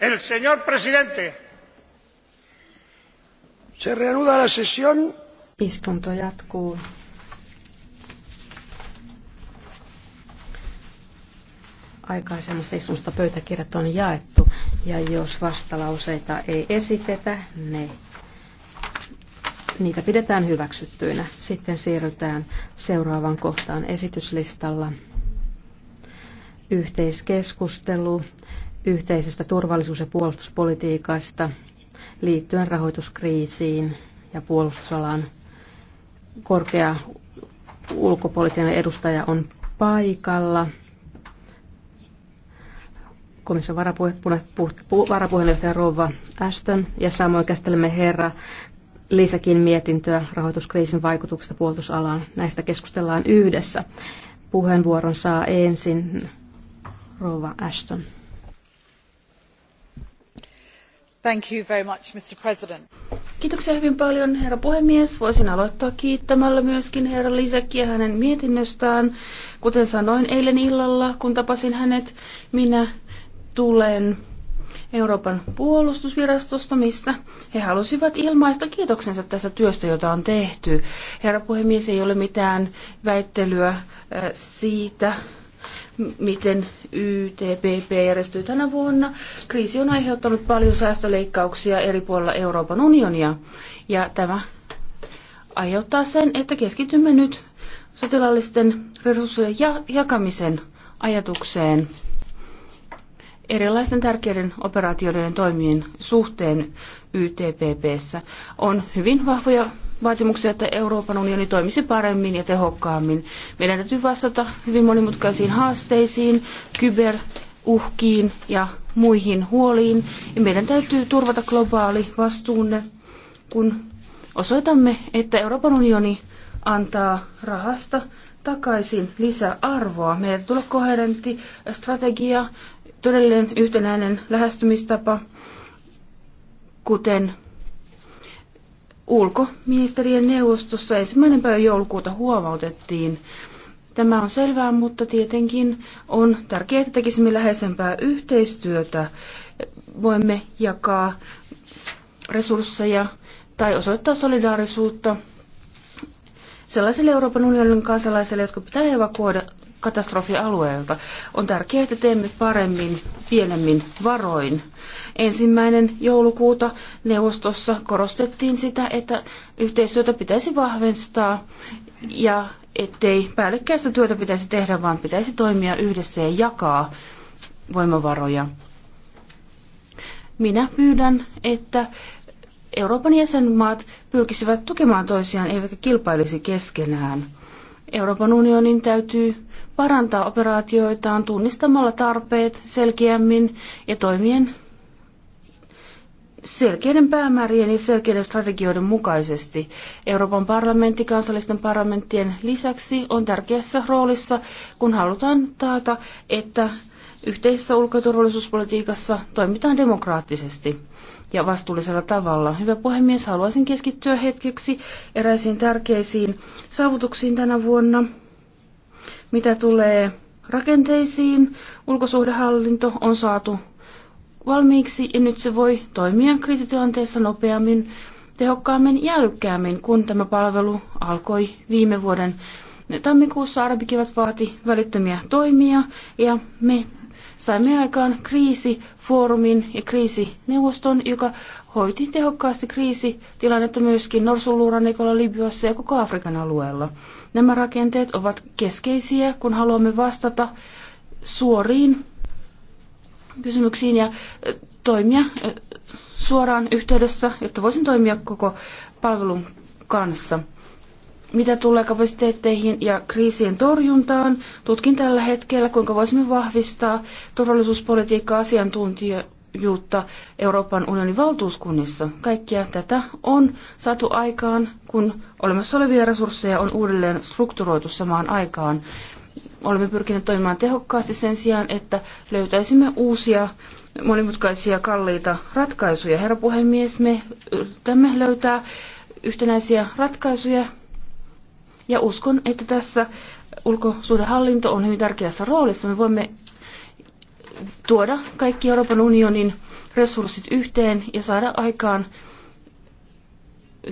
El señor presidente. Se reanuda la sesión. Istunto jatkuu. Aikaisemmasta istunnosta pöytäkirjat on jaettu ja jos vastalauseita ei esitetä, ne, niitä pidetään hyväksyttyinä. Sitten siirrytään seuraavaan kohtaan esityslistalla. Yhteiskeskustelu yhteisestä turvallisuus- ja puolustuspolitiikasta liittyen rahoituskriisiin ja puolustusalan korkea ulkopoliittinen edustaja on paikalla. Komission varapuheenjohtaja Rova Ashton ja samoin käsittelemme herra Lisäkin mietintöä rahoituskriisin vaikutuksesta puolustusalaan. Näistä keskustellaan yhdessä. Puheenvuoron saa ensin Rova Ashton. mr president Kiitoksia hyvin paljon, herra puhemies. Voisin aloittaa kiittämällä myöskin herra Lisäkkiä hänen mietinnöstään. Kuten sanoin eilen illalla, kun tapasin hänet, minä tulen Euroopan puolustusvirastosta, missä he halusivat ilmaista kiitoksensa tässä työstä, jota on tehty. Herra puhemies, ei ole mitään väittelyä äh, siitä, miten YTPP järjestyy tänä vuonna. Kriisi on aiheuttanut paljon säästöleikkauksia eri puolilla Euroopan unionia, ja tämä aiheuttaa sen, että keskitymme nyt sotilaallisten resurssien ja- jakamisen ajatukseen erilaisten tärkeiden operaatioiden toimien suhteen YTPPssä on hyvin vahvoja vaatimuksia, että Euroopan unioni toimisi paremmin ja tehokkaammin. Meidän täytyy vastata hyvin monimutkaisiin haasteisiin, kyberuhkiin ja muihin huoliin. Ja meidän täytyy turvata globaali vastuunne, kun osoitamme, että Euroopan unioni antaa rahasta takaisin lisäarvoa. Meidän tulee koherentti strategia, todellinen yhtenäinen lähestymistapa, kuten ulkoministerien neuvostossa ensimmäinen päivä joulukuuta huomautettiin. Tämä on selvää, mutta tietenkin on tärkeää, että tekisimme läheisempää yhteistyötä. Voimme jakaa resursseja tai osoittaa solidaarisuutta sellaisille Euroopan unionin kansalaisille, jotka pitää evakuoida katastrofialueelta. On tärkeää, että teemme paremmin, pienemmin varoin. Ensimmäinen joulukuuta neuvostossa korostettiin sitä, että yhteistyötä pitäisi vahvistaa ja ettei päällekkäistä työtä pitäisi tehdä, vaan pitäisi toimia yhdessä ja jakaa voimavaroja. Minä pyydän, että Euroopan jäsenmaat pyrkisivät tukemaan toisiaan eivätkä kilpailisi keskenään. Euroopan unionin täytyy parantaa operaatioitaan tunnistamalla tarpeet selkeämmin ja toimien selkeiden päämäärien ja selkeiden strategioiden mukaisesti. Euroopan parlamentti kansallisten parlamenttien lisäksi on tärkeässä roolissa, kun halutaan taata, että yhteisessä ulko- ja turvallisuuspolitiikassa toimitaan demokraattisesti ja vastuullisella tavalla. Hyvä puhemies, haluaisin keskittyä hetkeksi eräisiin tärkeisiin saavutuksiin tänä vuonna – mitä tulee rakenteisiin, ulkosuhdehallinto on saatu valmiiksi ja nyt se voi toimia kriisitilanteessa nopeammin, tehokkaammin ja älykkäämmin, kun tämä palvelu alkoi viime vuoden tammikuussa. Arabikivat vaati välittömiä toimia ja me saimme aikaan kriisifoorumin ja kriisineuvoston, joka hoiti tehokkaasti kriisitilannetta myöskin Norsunluurannikolla, Libyassa ja koko Afrikan alueella. Nämä rakenteet ovat keskeisiä, kun haluamme vastata suoriin kysymyksiin ja toimia suoraan yhteydessä, jotta voisin toimia koko palvelun kanssa. Mitä tulee kapasiteetteihin ja kriisien torjuntaan, tutkin tällä hetkellä, kuinka voisimme vahvistaa turvallisuuspolitiikkaa asiantuntijoiden johtajuutta Euroopan unionin valtuuskunnissa. Kaikkea tätä on saatu aikaan, kun olemassa olevia resursseja on uudelleen strukturoitu samaan aikaan. Olemme pyrkineet toimimaan tehokkaasti sen sijaan, että löytäisimme uusia monimutkaisia kalliita ratkaisuja. Herra puhemies, me yritämme löytää yhtenäisiä ratkaisuja ja uskon, että tässä ulkosuhdehallinto on hyvin tärkeässä roolissa. Me voimme tuoda kaikki Euroopan unionin resurssit yhteen ja saada aikaan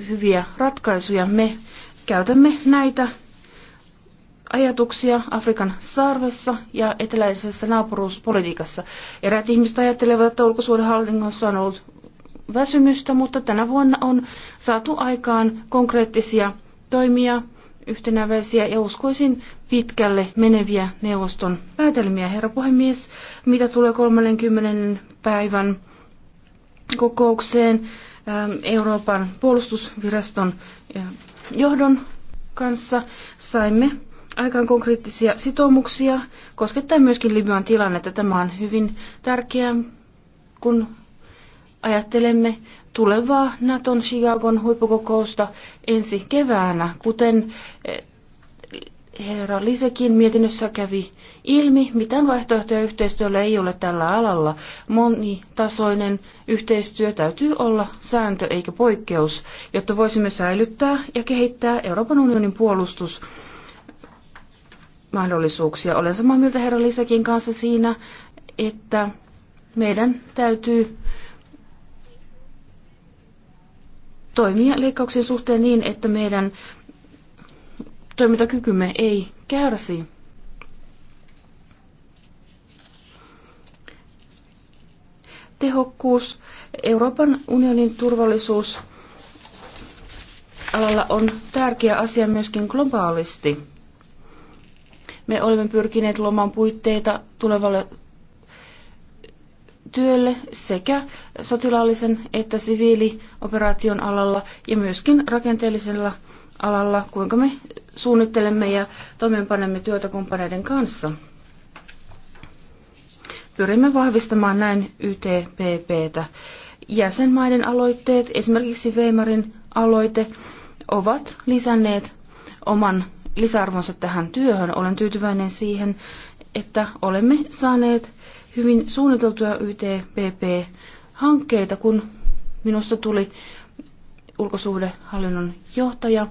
hyviä ratkaisuja. Me käytämme näitä ajatuksia Afrikan sarvessa ja eteläisessä naapuruuspolitiikassa. Eräät ihmiset ajattelevat, että ulkosuudenhallinnossa on ollut väsymystä, mutta tänä vuonna on saatu aikaan konkreettisia toimia, yhtenäväisiä ja uskoisin pitkälle meneviä neuvoston päätelmiä. Herra puhemies, mitä tulee 30. päivän kokoukseen ähm, Euroopan puolustusviraston äh, johdon kanssa, saimme aikaan konkreettisia sitoumuksia, koskettaen myöskin Libyan tilannetta. Tämä on hyvin tärkeää, kun ajattelemme tulevaa Naton Chicagon huippukokousta ensi keväänä, kuten äh, herra Lisekin mietinnössä kävi ilmi, mitään vaihtoehtoja yhteistyölle ei ole tällä alalla. Monitasoinen yhteistyö täytyy olla sääntö eikä poikkeus, jotta voisimme säilyttää ja kehittää Euroopan unionin puolustus mahdollisuuksia. Olen samaa mieltä herra Lisäkin kanssa siinä, että meidän täytyy toimia leikkauksien suhteen niin, että meidän toimintakykymme ei kärsi. tehokkuus. Euroopan unionin turvallisuus alalla on tärkeä asia myöskin globaalisti. Me olemme pyrkineet luomaan puitteita tulevalle työlle sekä sotilaallisen että siviilioperaation alalla ja myöskin rakenteellisella alalla, kuinka me suunnittelemme ja toimeenpanemme työtä kumppaneiden kanssa. Pyrimme vahvistamaan näin YTPPtä. Jäsenmaiden aloitteet, esimerkiksi Weimarin aloite, ovat lisänneet oman lisäarvonsa tähän työhön. Olen tyytyväinen siihen, että olemme saaneet hyvin suunniteltuja YTPP-hankkeita, kun minusta tuli ulkosuhdehallinnon johtaja.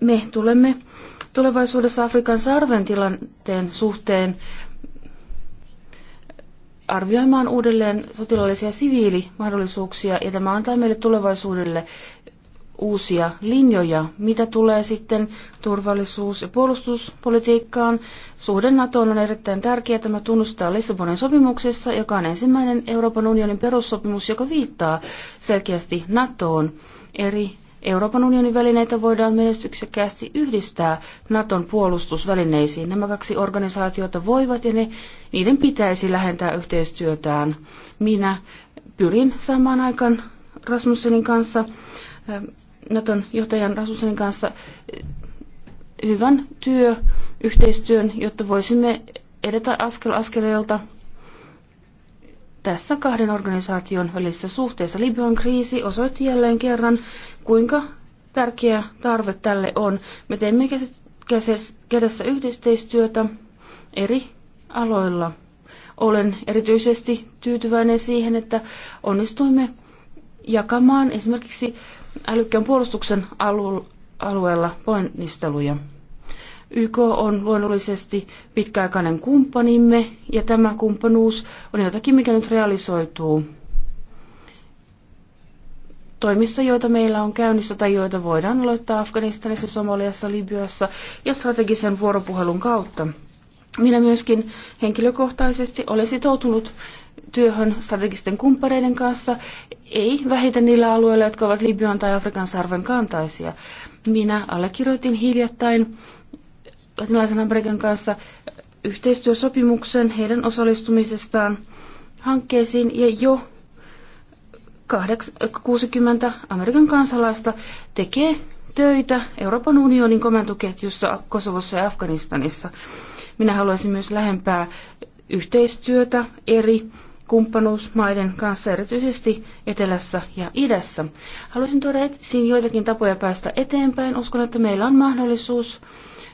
Me tulemme Tulevaisuudessa Afrikan sarven tilanteen suhteen arvioimaan uudelleen sotilaallisia siviilimahdollisuuksia, ja tämä antaa meille tulevaisuudelle uusia linjoja, mitä tulee sitten turvallisuus- ja puolustuspolitiikkaan. Suhde NATOon on erittäin tärkeä. Tämä tunnustaa Lissabonin sopimuksessa, joka on ensimmäinen Euroopan unionin perussopimus, joka viittaa selkeästi NATOon. Eri Euroopan unionin välineitä voidaan menestyksekkäästi yhdistää Naton puolustusvälineisiin. Nämä kaksi organisaatiota voivat ja ne, niiden pitäisi lähentää yhteistyötään. Minä pyrin samaan aikaan Rasmussenin kanssa, ähm, Naton johtajan Rasmussenin kanssa äh, hyvän työyhteistyön, jotta voisimme edetä askel askeleelta tässä kahden organisaation välisessä suhteessa Libyan kriisi osoitti jälleen kerran, kuinka tärkeä tarve tälle on. Me teemme kädessä yhteistyötä eri aloilla. Olen erityisesti tyytyväinen siihen, että onnistuimme jakamaan esimerkiksi älykkään puolustuksen alueella ponnisteluja. YK on luonnollisesti pitkäaikainen kumppanimme ja tämä kumppanuus on jotakin, mikä nyt realisoituu toimissa, joita meillä on käynnissä tai joita voidaan aloittaa Afganistanissa, Somaliassa, Libyassa ja strategisen vuoropuhelun kautta. Minä myöskin henkilökohtaisesti olen sitoutunut työhön strategisten kumppaneiden kanssa, ei vähiten niillä alueilla, jotka ovat Libyan tai Afrikan sarven kantaisia. Minä allekirjoitin hiljattain latinalaisen Amerikan kanssa yhteistyösopimuksen heidän osallistumisestaan hankkeisiin ja jo 60 äh, Amerikan kansalaista tekee töitä Euroopan unionin komentoketjussa Kosovossa ja Afganistanissa. Minä haluaisin myös lähempää yhteistyötä eri kumppanuusmaiden kanssa, erityisesti etelässä ja idässä. Haluaisin tuoda esiin joitakin tapoja päästä eteenpäin. Uskon, että meillä on mahdollisuus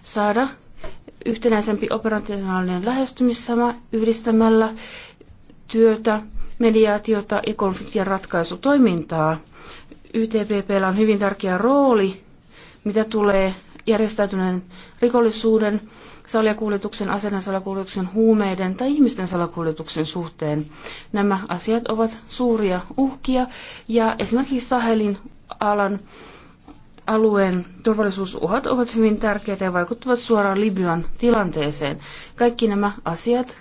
saada yhtenäisempi operationaalinen lähestymissama yhdistämällä työtä mediaatiota ja konfliktien ratkaisutoimintaa. YTPP on hyvin tärkeä rooli, mitä tulee järjestäytyneen rikollisuuden, salakuljetuksen, aseiden salakuljetuksen, huumeiden tai ihmisten salakuljetuksen suhteen. Nämä asiat ovat suuria uhkia ja esimerkiksi Sahelin alan alueen turvallisuusuhat ovat hyvin tärkeitä ja vaikuttavat suoraan Libyan tilanteeseen. Kaikki nämä asiat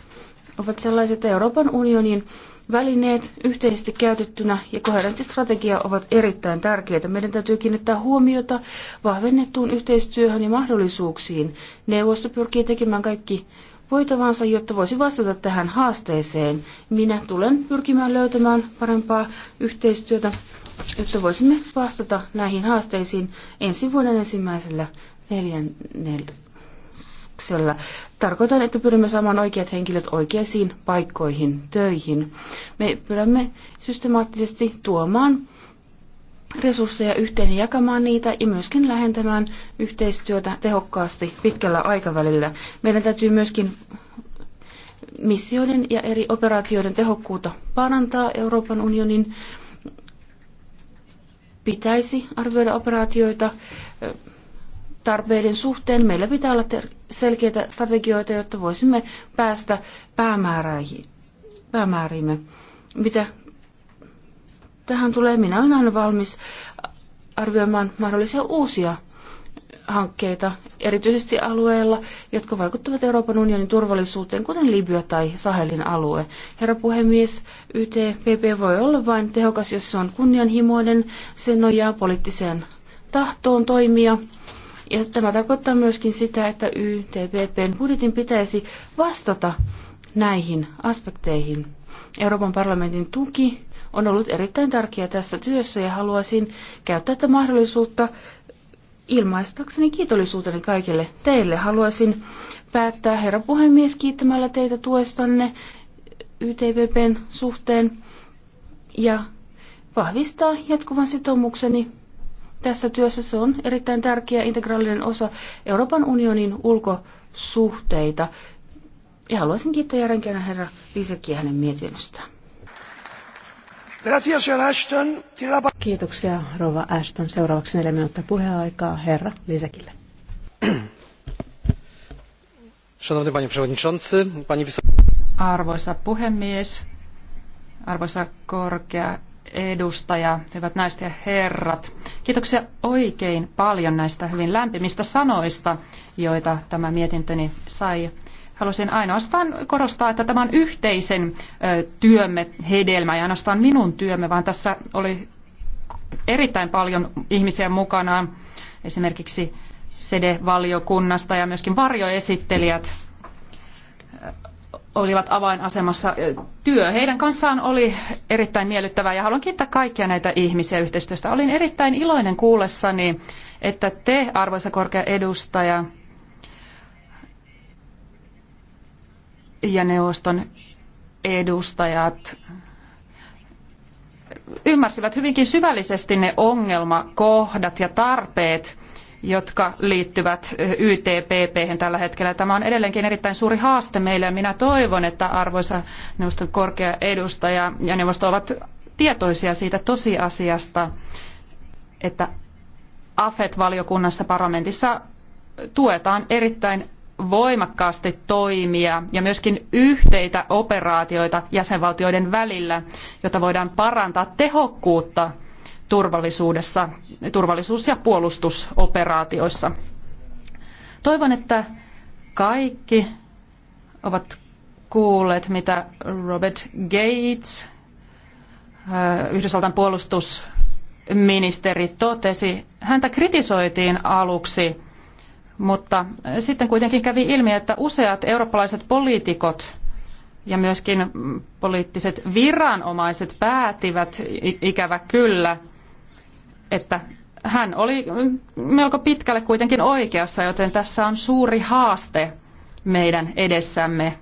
ovat sellaiset, että Euroopan unionin Välineet yhteisesti käytettynä ja koherenttistrategia ovat erittäin tärkeitä. Meidän täytyy kiinnittää huomiota vahvennettuun yhteistyöhön ja mahdollisuuksiin. Neuvosto pyrkii tekemään kaikki voitavansa, jotta voisi vastata tähän haasteeseen. Minä tulen pyrkimään löytämään parempaa yhteistyötä, jotta voisimme vastata näihin haasteisiin ensi vuoden ensimmäisellä neljänneksellä. Tarkoitan, että pyrimme saamaan oikeat henkilöt oikeisiin paikkoihin, töihin. Me pyrimme systemaattisesti tuomaan resursseja yhteen ja jakamaan niitä ja myöskin lähentämään yhteistyötä tehokkaasti pitkällä aikavälillä. Meidän täytyy myöskin missioiden ja eri operaatioiden tehokkuutta parantaa Euroopan unionin pitäisi arvioida operaatioita tarpeiden suhteen meillä pitää olla selkeitä strategioita, jotta voisimme päästä päämääriimme. Mitä tähän tulee, minä olen aina valmis arvioimaan mahdollisia uusia hankkeita, erityisesti alueilla, jotka vaikuttavat Euroopan unionin turvallisuuteen, kuten Libya tai Sahelin alue. Herra puhemies, YTPP voi olla vain tehokas, jos se on kunnianhimoinen, se nojaa poliittiseen tahtoon toimia ja tämä tarkoittaa myöskin sitä, että YTPPn budjetin pitäisi vastata näihin aspekteihin. Euroopan parlamentin tuki on ollut erittäin tärkeä tässä työssä ja haluaisin käyttää tätä mahdollisuutta ilmaistakseni kiitollisuuteni kaikille teille. Haluaisin päättää herra puhemies kiittämällä teitä tuestanne YTPPn suhteen ja vahvistaa jatkuvan sitoumukseni tässä työssä. Se on erittäin tärkeä integraalinen osa Euroopan unionin ulkosuhteita. Ja haluaisin kiittää järjenkeinä herra Lisekiä hänen mietinnöstään. Kiitoksia, Rova Ashton. Seuraavaksi neljä minuuttia puheaikaa herra Lisekille. Arvoisa puhemies, arvoisa korkea edustaja, hyvät naiset ja herrat. Kiitoksia oikein paljon näistä hyvin lämpimistä sanoista, joita tämä mietintöni sai. Haluaisin ainoastaan korostaa, että tämä on yhteisen työmme hedelmä, ja ainoastaan minun työmme, vaan tässä oli erittäin paljon ihmisiä mukana, esimerkiksi SEDE-valiokunnasta ja myöskin varjoesittelijät olivat avainasemassa. Työ heidän kanssaan oli erittäin miellyttävää ja haluan kiittää kaikkia näitä ihmisiä yhteistyöstä. Olin erittäin iloinen kuullessani, että te, arvoisa korkea edustaja ja neuvoston edustajat, ymmärsivät hyvinkin syvällisesti ne ongelmakohdat ja tarpeet, jotka liittyvät eh, YTPP tällä hetkellä. Tämä on edelleenkin erittäin suuri haaste meille ja minä toivon, että arvoisa neuvoston korkea edustaja ja neuvosto ovat tietoisia siitä tosiasiasta, että AFET-valiokunnassa parlamentissa tuetaan erittäin voimakkaasti toimia ja myöskin yhteitä operaatioita jäsenvaltioiden välillä, jotta voidaan parantaa tehokkuutta – turvallisuudessa, turvallisuus- ja puolustusoperaatioissa. Toivon, että kaikki ovat kuulleet, mitä Robert Gates, äh, Yhdysvaltain puolustusministeri, totesi. Häntä kritisoitiin aluksi, mutta sitten kuitenkin kävi ilmi, että useat eurooppalaiset poliitikot ja myöskin poliittiset viranomaiset päätivät ikävä kyllä – että hän oli melko pitkälle kuitenkin oikeassa, joten tässä on suuri haaste meidän edessämme,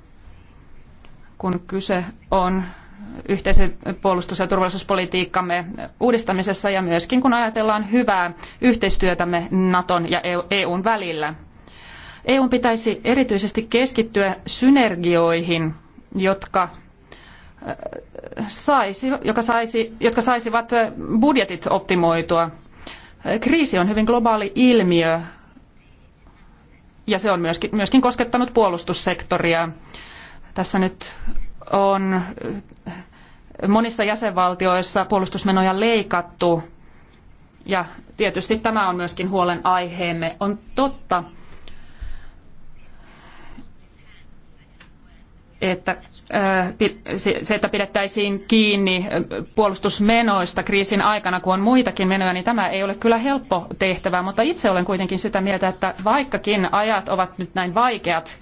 kun kyse on yhteisen puolustus- ja turvallisuuspolitiikkamme uudistamisessa ja myöskin kun ajatellaan hyvää yhteistyötämme Naton ja EUn e välillä. EUn pitäisi erityisesti keskittyä synergioihin, jotka saisi, joka saisi, jotka saisivat budjetit optimoitua. Kriisi on hyvin globaali ilmiö ja se on myöskin, myöskin koskettanut puolustussektoria. Tässä nyt on monissa jäsenvaltioissa puolustusmenoja leikattu ja tietysti tämä on myöskin huolen aiheemme. On totta, että se, että pidettäisiin kiinni puolustusmenoista kriisin aikana, kun on muitakin menoja, niin tämä ei ole kyllä helppo tehtävä, mutta itse olen kuitenkin sitä mieltä, että vaikkakin ajat ovat nyt näin vaikeat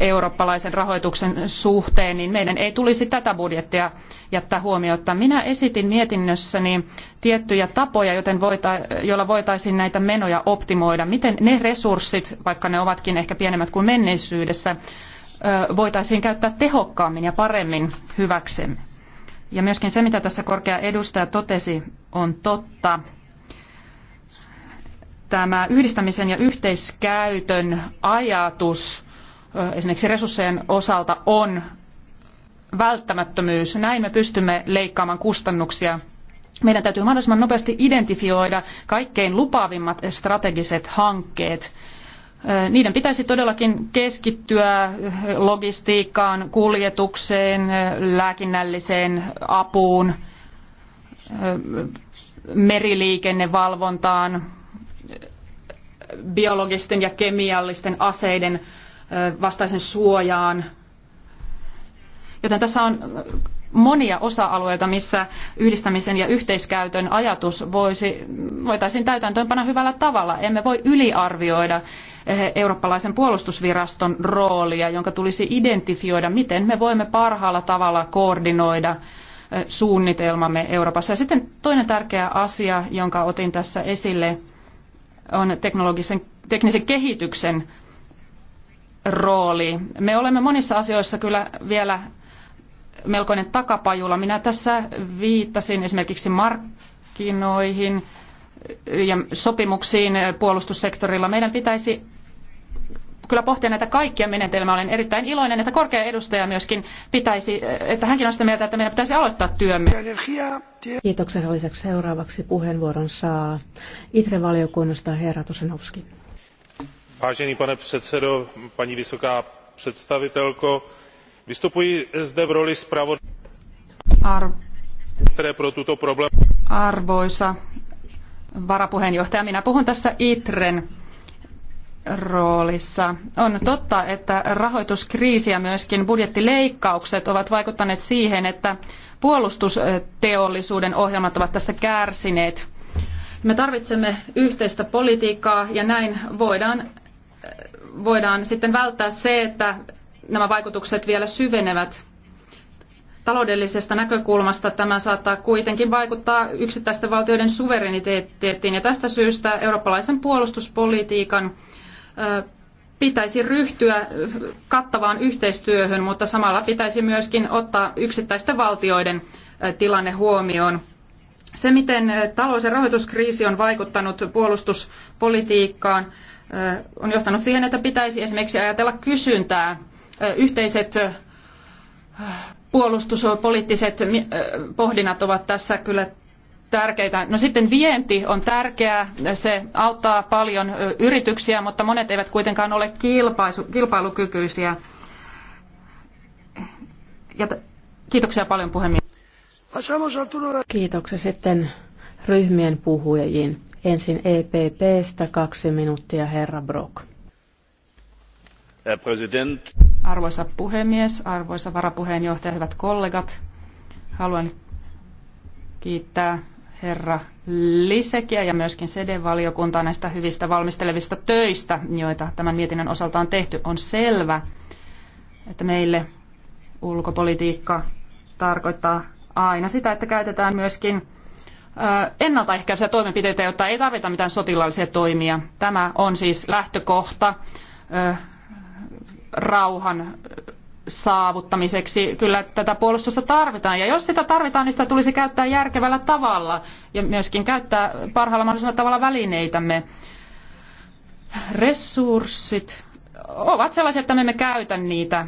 eurooppalaisen rahoituksen suhteen, niin meidän ei tulisi tätä budjettia jättää huomiota. Minä esitin mietinnössäni tiettyjä tapoja, joten voita, joilla voitaisiin näitä menoja optimoida. Miten ne resurssit, vaikka ne ovatkin ehkä pienemmät kuin menneisyydessä, voitaisiin käyttää tehokkaammin ja paremmin hyväksemme. Ja myöskin se, mitä tässä korkea edustaja totesi, on totta. Tämä yhdistämisen ja yhteiskäytön ajatus esimerkiksi resurssien osalta on välttämättömyys. Näin me pystymme leikkaamaan kustannuksia. Meidän täytyy mahdollisimman nopeasti identifioida kaikkein lupaavimmat strategiset hankkeet niiden pitäisi todellakin keskittyä logistiikkaan, kuljetukseen, lääkinnälliseen apuun, meriliikennevalvontaan, biologisten ja kemiallisten aseiden vastaisen suojaan. Joten tässä on monia osa-alueita, missä yhdistämisen ja yhteiskäytön ajatus voisi, voitaisiin täytäntöönpana hyvällä tavalla. Emme voi yliarvioida Eh, eurooppalaisen puolustusviraston roolia, jonka tulisi identifioida, miten me voimme parhaalla tavalla koordinoida eh, suunnitelmamme Euroopassa. Ja sitten toinen tärkeä asia, jonka otin tässä esille, on teknologisen, teknisen kehityksen rooli. Me olemme monissa asioissa kyllä vielä melkoinen takapajula. Minä tässä viittasin esimerkiksi markkinoihin ja sopimuksiin puolustussektorilla. Meidän pitäisi kyllä pohtia näitä kaikkia menetelmiä. Olen erittäin iloinen, että korkea edustaja myöskin pitäisi, että hänkin on sitä mieltä, että meidän pitäisi aloittaa työmme. Kiitoksen lisäksi seuraavaksi puheenvuoron saa ITRE-valiokunnasta herra Tosenovski. Vážený pane předsedo, paní vysoká představitelko, vystupuji zde v roli zpravodajky, které pro tuto problém... Arvoisa varapuheenjohtaja, minä puhun tässä ITREn roolissa. On totta, että rahoituskriisi ja myöskin budjettileikkaukset ovat vaikuttaneet siihen, että puolustusteollisuuden ohjelmat ovat tästä kärsineet. Me tarvitsemme yhteistä politiikkaa ja näin voidaan, voidaan sitten välttää se, että nämä vaikutukset vielä syvenevät. Taloudellisesta näkökulmasta tämä saattaa kuitenkin vaikuttaa yksittäisten valtioiden suvereniteettiin ja tästä syystä eurooppalaisen puolustuspolitiikan pitäisi ryhtyä kattavaan yhteistyöhön, mutta samalla pitäisi myöskin ottaa yksittäisten valtioiden tilanne huomioon. Se, miten talous- ja rahoituskriisi on vaikuttanut puolustuspolitiikkaan, on johtanut siihen, että pitäisi esimerkiksi ajatella kysyntää. Yhteiset puolustuspoliittiset pohdinnat ovat tässä kyllä tärkeitä. No sitten vienti on tärkeää, se auttaa paljon yrityksiä, mutta monet eivät kuitenkaan ole kilpailukykyisiä. Ja kiitoksia paljon puhemies. Kiitoksia sitten ryhmien puhujiin. Ensin EPPstä kaksi minuuttia, herra Brok. Arvoisa puhemies, arvoisa varapuheenjohtaja, hyvät kollegat. Haluan kiittää herra Lisekiä ja myöskin SEDE-valiokuntaa näistä hyvistä valmistelevista töistä, joita tämän mietinnön osalta on tehty. On selvä, että meille ulkopolitiikka tarkoittaa aina sitä, että käytetään myöskin ennaltaehkäisiä toimenpiteitä, jotta ei tarvita mitään sotilaallisia toimia. Tämä on siis lähtökohta rauhan saavuttamiseksi. Kyllä tätä puolustusta tarvitaan ja jos sitä tarvitaan, niin sitä tulisi käyttää järkevällä tavalla ja myöskin käyttää parhaalla mahdollisella tavalla välineitämme. Resurssit ovat sellaisia, että me emme käytä niitä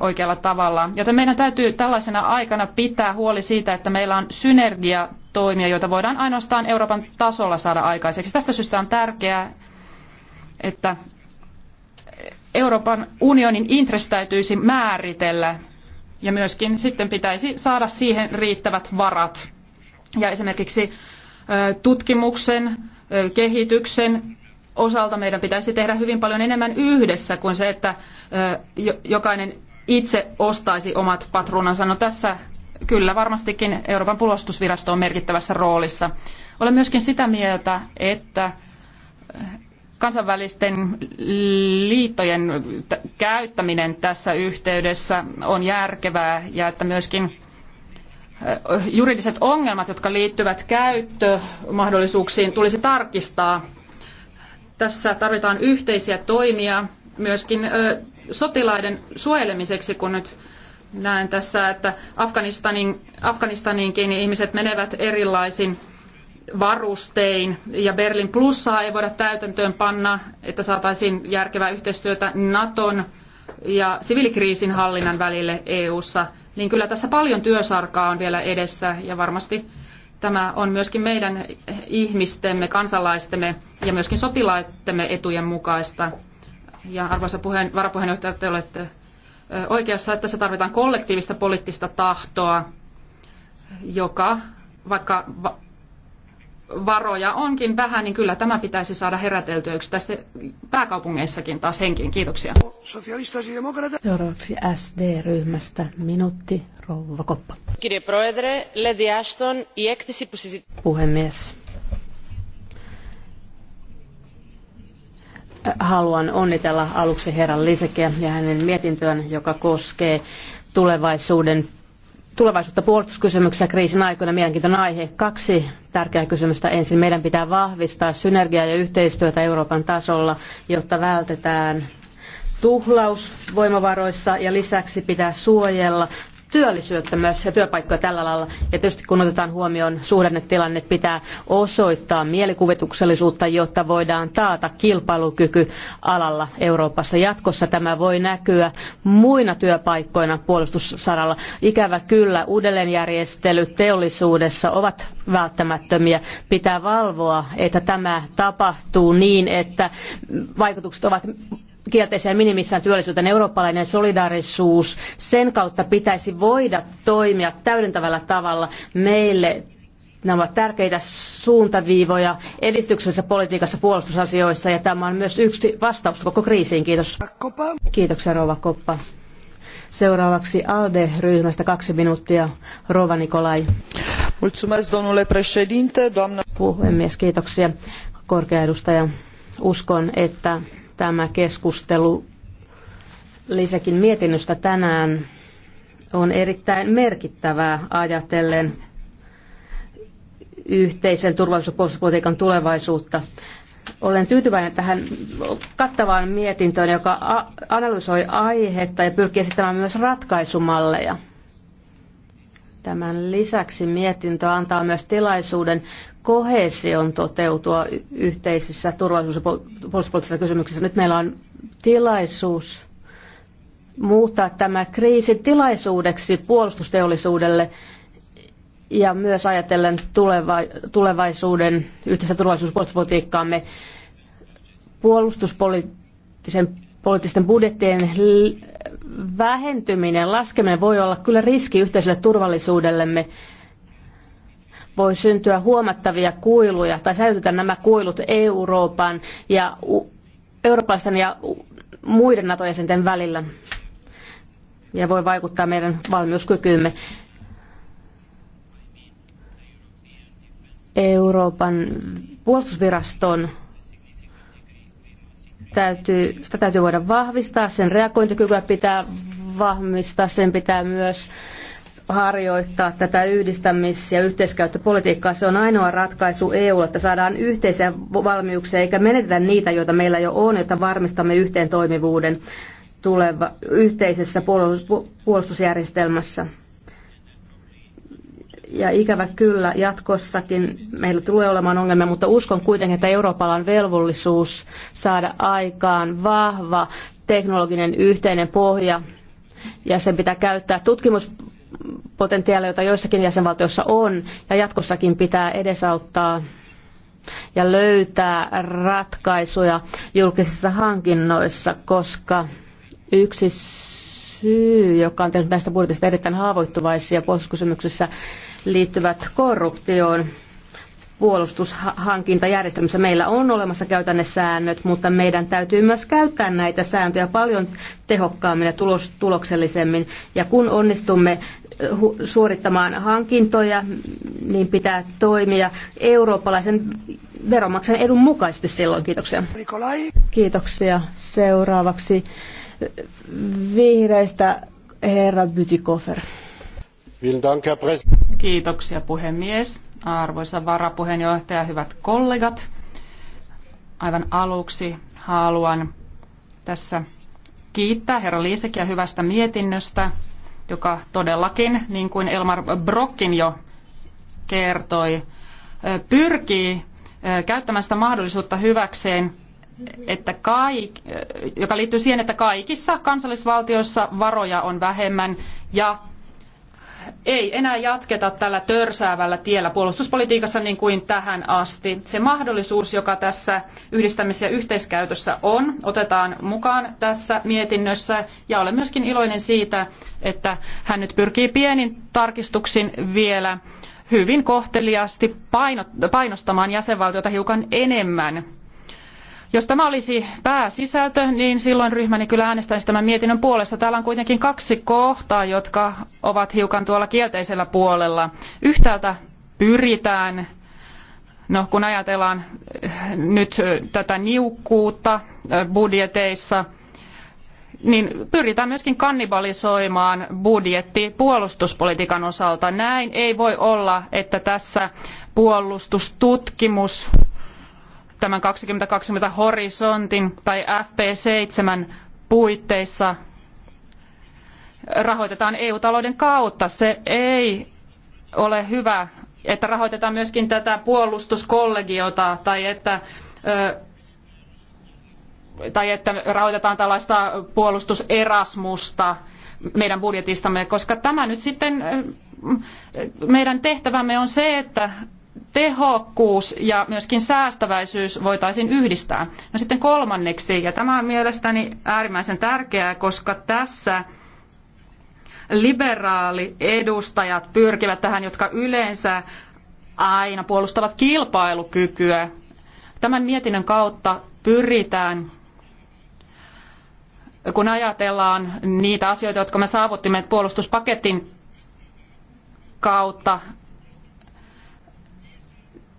oikealla tavalla. Joten meidän täytyy tällaisena aikana pitää huoli siitä, että meillä on synergiatoimia, joita voidaan ainoastaan Euroopan tasolla saada aikaiseksi. Tästä syystä on tärkeää, että Euroopan unionin intressi täytyisi määritellä ja myöskin sitten pitäisi saada siihen riittävät varat. Ja esimerkiksi tutkimuksen, kehityksen osalta meidän pitäisi tehdä hyvin paljon enemmän yhdessä kuin se, että jokainen itse ostaisi omat patruunansa. No tässä kyllä varmastikin Euroopan puolustusvirasto on merkittävässä roolissa. Olen myöskin sitä mieltä, että kansainvälisten liittojen käyttäminen tässä yhteydessä on järkevää ja että myöskin juridiset ongelmat, jotka liittyvät käyttömahdollisuuksiin, tulisi tarkistaa. Tässä tarvitaan yhteisiä toimia myöskin sotilaiden suojelemiseksi, kun nyt näen tässä, että Afganistaniinkin ihmiset menevät erilaisin varustein ja Berlin plussaa ei voida täytäntöön panna, että saataisiin järkevää yhteistyötä Naton ja siviilikriisinhallinnan välille EU:ssa, niin kyllä tässä paljon työsarkaa on vielä edessä ja varmasti tämä on myöskin meidän ihmistemme, kansalaistemme ja myöskin sotilaittemme etujen mukaista. Ja arvoisa puheen, varapuheenjohtaja, te olette oikeassa, että tässä tarvitaan kollektiivista poliittista tahtoa, joka vaikka varoja onkin vähän, niin kyllä tämä pitäisi saada heräteltyä yksi tässä pääkaupungeissakin taas henkiin. Kiitoksia. Seuraavaksi SD-ryhmästä minuutti, rouva Koppa. Puhemies. Haluan onnitella aluksi herran Lisekeä ja hänen mietintöön, joka koskee tulevaisuuden tulevaisuutta puolustuskysymyksiä kriisin aikoina mielenkiintoinen aihe. Kaksi tärkeää kysymystä ensin. Meidän pitää vahvistaa synergiaa ja yhteistyötä Euroopan tasolla, jotta vältetään tuhlaus voimavaroissa ja lisäksi pitää suojella työllisyyttä myös ja työpaikkoja tällä lailla. Ja tietysti kun otetaan huomioon suhdannetilanne, pitää osoittaa mielikuvituksellisuutta, jotta voidaan taata kilpailukyky alalla Euroopassa. Jatkossa tämä voi näkyä muina työpaikkoina puolustussaralla. Ikävä kyllä, uudelleenjärjestelyt teollisuudessa ovat välttämättömiä. Pitää valvoa, että tämä tapahtuu niin, että vaikutukset ovat kielteiseen minimissään työllisyyteen eurooppalainen solidaarisuus. Sen kautta pitäisi voida toimia täydentävällä tavalla meille Nämä ovat tärkeitä suuntaviivoja edistyksellisessä politiikassa puolustusasioissa ja tämä on myös yksi vastaus koko kriisiin. Kiitos. Kiitoksia Rova Koppa. Seuraavaksi ALDE-ryhmästä kaksi minuuttia. Rova Nikolai. Mulțumesc, domnule președinte, doamna... Puhemies, kiitoksia korkea edustaja. Uskon, että tämä keskustelu lisäkin mietinnöstä tänään on erittäin merkittävää ajatellen yhteisen turvallisuus- tulevaisuutta. Olen tyytyväinen tähän kattavaan mietintöön, joka analysoi aihetta ja pyrkii esittämään myös ratkaisumalleja. Tämän lisäksi mietintö antaa myös tilaisuuden kohesion toteutua yhteisissä turvallisuus- ja puolustuspoliittisissa kysymyksissä. Nyt meillä on tilaisuus muuttaa tämä kriisi tilaisuudeksi puolustusteollisuudelle ja myös ajatellen tuleva- tulevaisuuden yhteistä turvallisuus- ja puolustuspolitiikkaamme puolustuspoliittisen poliittisten budjettien vähentyminen, laskeminen voi olla kyllä riski yhteiselle turvallisuudellemme voi syntyä huomattavia kuiluja tai säilytetään nämä kuilut Euroopan ja eurooppalaisten ja muiden NATO-jäsenten välillä ja voi vaikuttaa meidän valmiuskykyymme. Euroopan puolustusviraston täytyy, sitä täytyy voida vahvistaa, sen reagointikykyä pitää vahvistaa, sen pitää myös harjoittaa tätä yhdistämis- ja yhteiskäyttöpolitiikkaa. Se on ainoa ratkaisu EU, että saadaan yhteisiä valmiuksia eikä menetetä niitä, joita meillä jo on, jotta varmistamme yhteen toimivuuden tuleva, yhteisessä puolustusjärjestelmässä. Ja ikävä kyllä, jatkossakin meillä tulee olemaan ongelmia, mutta uskon kuitenkin, että Euroopalla on velvollisuus saada aikaan vahva teknologinen yhteinen pohja ja sen pitää käyttää tutkimus potentiaalia, jota joissakin jäsenvaltioissa on, ja jatkossakin pitää edesauttaa ja löytää ratkaisuja julkisissa hankinnoissa, koska yksi syy, joka on tehnyt näistä budjetista erittäin haavoittuvaisia puolustuskysymyksissä, liittyvät korruptioon puolustushankintajärjestelmässä meillä on olemassa käytännesäännöt, mutta meidän täytyy myös käyttää näitä sääntöjä paljon tehokkaammin ja tuloksellisemmin. Ja kun onnistumme eh, suorittamaan hankintoja, niin pitää toimia eurooppalaisen veronmaksajan edun mukaisesti silloin. Kiitoksia. Nikolai. Kiitoksia. Seuraavaksi eh, vihreistä herra Bytikofer. Kiitoksia puhemies Arvoisa varapuheenjohtaja, hyvät kollegat, aivan aluksi haluan tässä kiittää herra Liisekiä hyvästä mietinnöstä, joka todellakin, niin kuin Elmar Brokkin jo kertoi, pyrkii käyttämään sitä mahdollisuutta hyväkseen, että kaik, joka liittyy siihen, että kaikissa kansallisvaltioissa varoja on vähemmän ja ei enää jatketa tällä törsäävällä tiellä puolustuspolitiikassa niin kuin tähän asti. Se mahdollisuus, joka tässä yhdistämis- ja yhteiskäytössä on, otetaan mukaan tässä mietinnössä ja olen myöskin iloinen siitä, että hän nyt pyrkii pienin tarkistuksin vielä hyvin kohteliaasti painostamaan jäsenvaltiota hiukan enemmän jos tämä olisi pääsisältö, niin silloin ryhmäni kyllä äänestäisi tämän mietinnön puolesta. Täällä on kuitenkin kaksi kohtaa, jotka ovat hiukan tuolla kielteisellä puolella. Yhtäältä pyritään, no kun ajatellaan eh, nyt eh, tätä niukkuutta eh, budjeteissa, niin pyritään myöskin kannibalisoimaan budjetti puolustuspolitiikan osalta. Näin ei voi olla, että tässä puolustustutkimus tämän 2020 horisontin tai FP7 puitteissa rahoitetaan EU-talouden kautta. Se ei ole hyvä, että rahoitetaan myöskin tätä puolustuskollegiota tai että tai että rahoitetaan tällaista puolustuserasmusta meidän budjetistamme, koska tämä nyt sitten meidän tehtävämme on se, että tehokkuus ja myöskin säästäväisyys voitaisiin yhdistää. No sitten kolmanneksi, ja tämä on mielestäni äärimmäisen tärkeää, koska tässä liberaali edustajat pyrkivät tähän, jotka yleensä aina puolustavat kilpailukykyä. Tämän mietinnön kautta pyritään kun ajatellaan niitä asioita, jotka me saavuttimme puolustuspaketin kautta,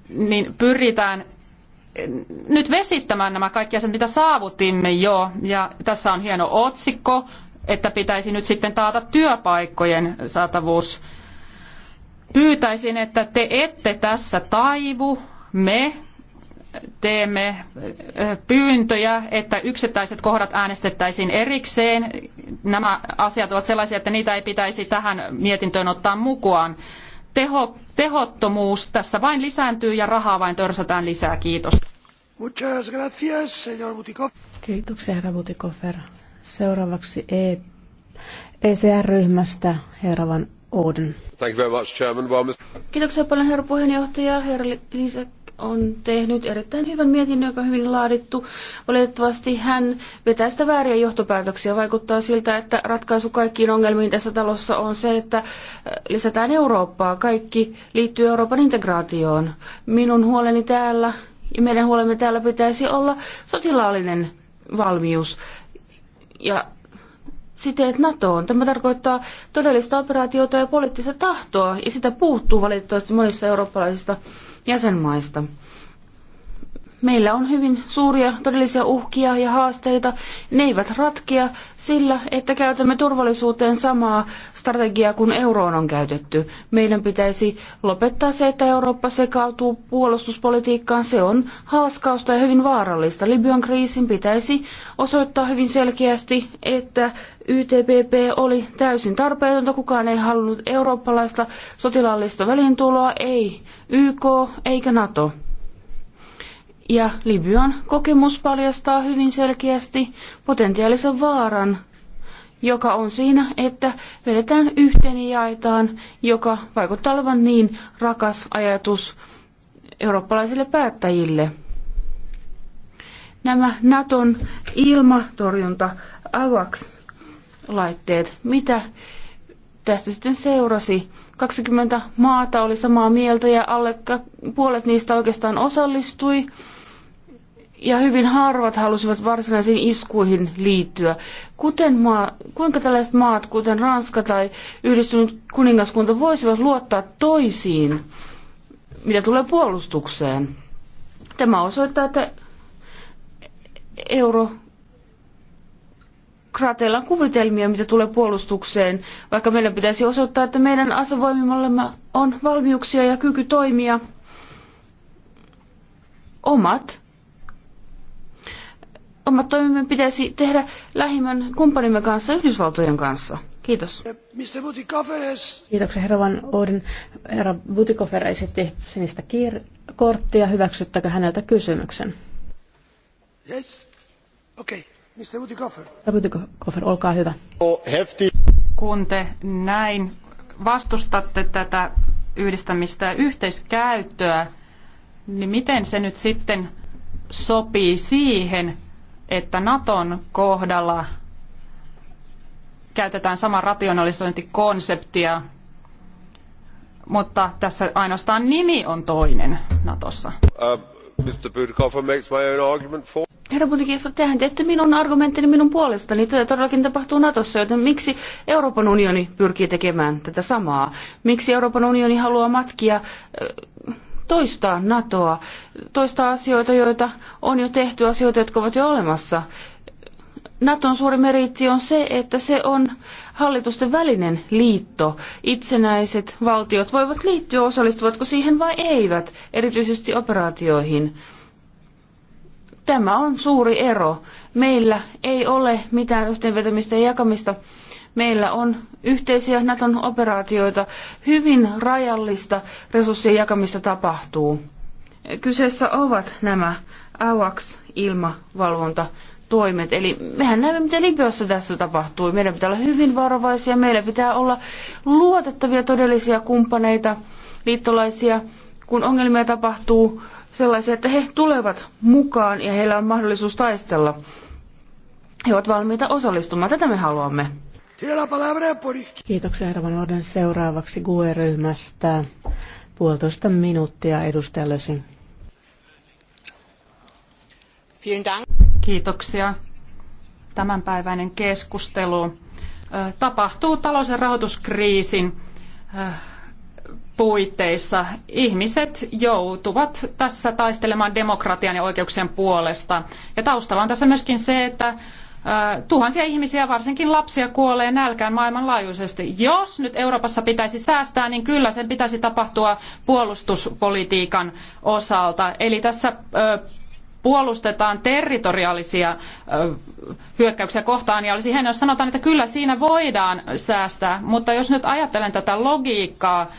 niin pyritään nyt vesittämään nämä kaikki asiat, mitä saavutimme jo. Ja tässä on hieno otsikko, että pitäisi nyt sitten taata työpaikkojen saatavuus. Pyytäisin, että te ette tässä taivu. Me teemme eh, pyyntöjä, että yksittäiset kohdat äänestettäisiin erikseen. Nämä asiat ovat sellaisia, että niitä ei pitäisi tähän mietintöön ottaa mukaan teho, tehottomuus tässä vain lisääntyy ja rahaa vain törsätään lisää. Kiitos. Muchas gracias, señor Butikov. Kiitoksia, herra Butikofer. Seuraavaksi e- ECR-ryhmästä herra Van Ouden. Thank you very much, Chairman. Well, Kiitoksia paljon, herra puheenjohtaja, herra on tehnyt erittäin hyvän mietinnön, joka on hyvin laadittu. Valitettavasti hän vetää sitä vääriä johtopäätöksiä. Vaikuttaa siltä, että ratkaisu kaikkiin ongelmiin tässä talossa on se, että äh, lisätään Eurooppaa. Kaikki liittyy Euroopan integraatioon. Minun huoleni täällä ja meidän huolemme täällä pitäisi olla sotilaallinen valmius. Ja siteet NATOon. Tämä tarkoittaa todellista operaatiota ja poliittista tahtoa, ja sitä puuttuu valitettavasti monissa eurooppalaisista jäsenmaista. Meillä on hyvin suuria todellisia uhkia ja haasteita. Ne eivät ratkea sillä, että käytämme turvallisuuteen samaa strategiaa kuin euroon on käytetty. Meidän pitäisi lopettaa se, että Eurooppa sekautuu puolustuspolitiikkaan. Se on haaskausta ja hyvin vaarallista. Libyan kriisin pitäisi osoittaa hyvin selkeästi, että YTPP oli täysin tarpeetonta, kukaan ei halunnut eurooppalaista sotilaallista välintuloa, ei YK eikä NATO. Ja Libyan kokemus paljastaa hyvin selkeästi potentiaalisen vaaran, joka on siinä, että vedetään yhteen ja jaetaan, joka vaikuttaa olevan niin rakas ajatus eurooppalaisille päättäjille. Nämä Naton ilmatorjunta avaks laitteet, mitä tästä sitten seurasi. 20 maata oli samaa mieltä ja alle puolet niistä oikeastaan osallistui ja hyvin harvat halusivat varsinaisiin iskuihin liittyä. Kuten maa, kuinka tällaiset maat, kuten Ranska tai yhdistynyt kuningaskunta, voisivat luottaa toisiin, mitä tulee puolustukseen? Tämä osoittaa, että euro krateilla kuvitelmia, mitä tulee puolustukseen, vaikka meidän pitäisi osoittaa, että meidän asevoimimallamme on valmiuksia ja kyky toimia omat omat toimimme pitäisi tehdä lähimmän kumppanimme kanssa, Yhdysvaltojen kanssa. Kiitos. Kiitoksia herra Van Oden. Herra Butikofer esitti sinistä kiir- korttia. Hyväksyttekö häneltä kysymyksen? Yes. Okay. Mr. Butikofer. Herra Butikofer, olkaa hyvä. Oh, Kun te näin vastustatte tätä yhdistämistä ja yhteiskäyttöä, niin miten se nyt sitten sopii siihen, että Naton kohdalla käytetään samaa rationalisointikonseptia, mutta tässä ainoastaan nimi on toinen Natossa. Uh, my own argument for. Herra Budikofer, tehän teette minun argumenttini minun puolestani. Tätä todellakin tapahtuu Natossa, joten miksi Euroopan unioni pyrkii tekemään tätä samaa? Miksi Euroopan unioni haluaa matkia äh, toistaa NATOa, toistaa asioita, joita on jo tehty, asioita, jotka ovat jo olemassa. Naton suuri meriitti on se, että se on hallitusten välinen liitto. Itsenäiset valtiot voivat liittyä, osallistuvatko siihen vai eivät, erityisesti operaatioihin. Tämä on suuri ero. Meillä ei ole mitään yhteenvetämistä ja jakamista Meillä on yhteisiä Naton operaatioita. Hyvin rajallista resurssien jakamista tapahtuu. Kyseessä ovat nämä AWACS ilmavalvonta toimet. Eli mehän näemme, mitä Libyassa tässä tapahtui. Meidän pitää olla hyvin varovaisia, meillä pitää olla luotettavia todellisia kumppaneita, liittolaisia, kun ongelmia tapahtuu sellaisia, että he tulevat mukaan ja heillä on mahdollisuus taistella. He ovat valmiita osallistumaan. Tätä me haluamme. Kiitoksia Herman Orden. Seuraavaksi GUE-ryhmästä puolitoista minuuttia edustajallesi. Kiitoksia. Tämänpäiväinen keskustelu tapahtuu talous- ja rahoituskriisin puitteissa. Ihmiset joutuvat tässä taistelemaan demokratian ja oikeuksien puolesta. Ja taustalla on tässä myöskin se, että tuhansia ihmisiä, varsinkin lapsia, kuolee nälkään maailmanlaajuisesti. Jos nyt Euroopassa pitäisi säästää, niin kyllä sen pitäisi tapahtua puolustuspolitiikan osalta. Eli tässä puolustetaan territoriaalisia hyökkäyksiä kohtaan, ja olisi hienoa, jos sanotaan, että kyllä siinä voidaan säästää, mutta jos nyt ajattelen tätä logiikkaa,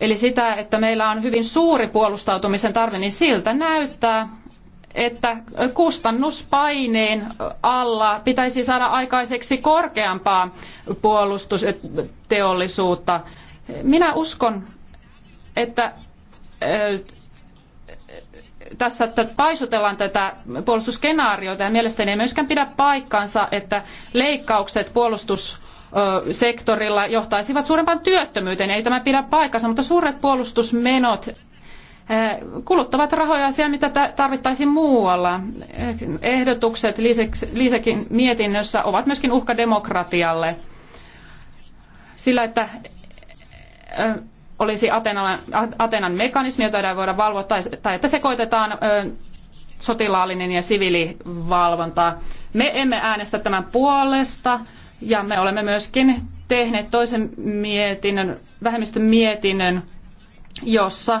eli sitä, että meillä on hyvin suuri puolustautumisen tarve, niin siltä näyttää, että kustannuspaineen alla pitäisi saada aikaiseksi korkeampaa puolustusteollisuutta. Minä uskon, että tässä paisutellaan tätä puolustusskenaariota ja mielestäni ei myöskään pidä paikkaansa, että leikkaukset puolustussektorilla johtaisivat suurempaan työttömyyteen. Ei tämä pidä paikkansa, mutta suuret puolustusmenot kuluttavat rahoja siellä, mitä tarvittaisiin muualla. Ehdotukset Liisekin mietinnössä ovat myöskin uhka demokratialle. Sillä, että olisi Atenan, Atenan mekanismi, jota ei voida valvoa, tai, tai että sekoitetaan sotilaallinen ja siviilivalvonta. Me emme äänestä tämän puolesta, ja me olemme myöskin tehneet toisen mietinnön, vähemmistön mietinnön, jossa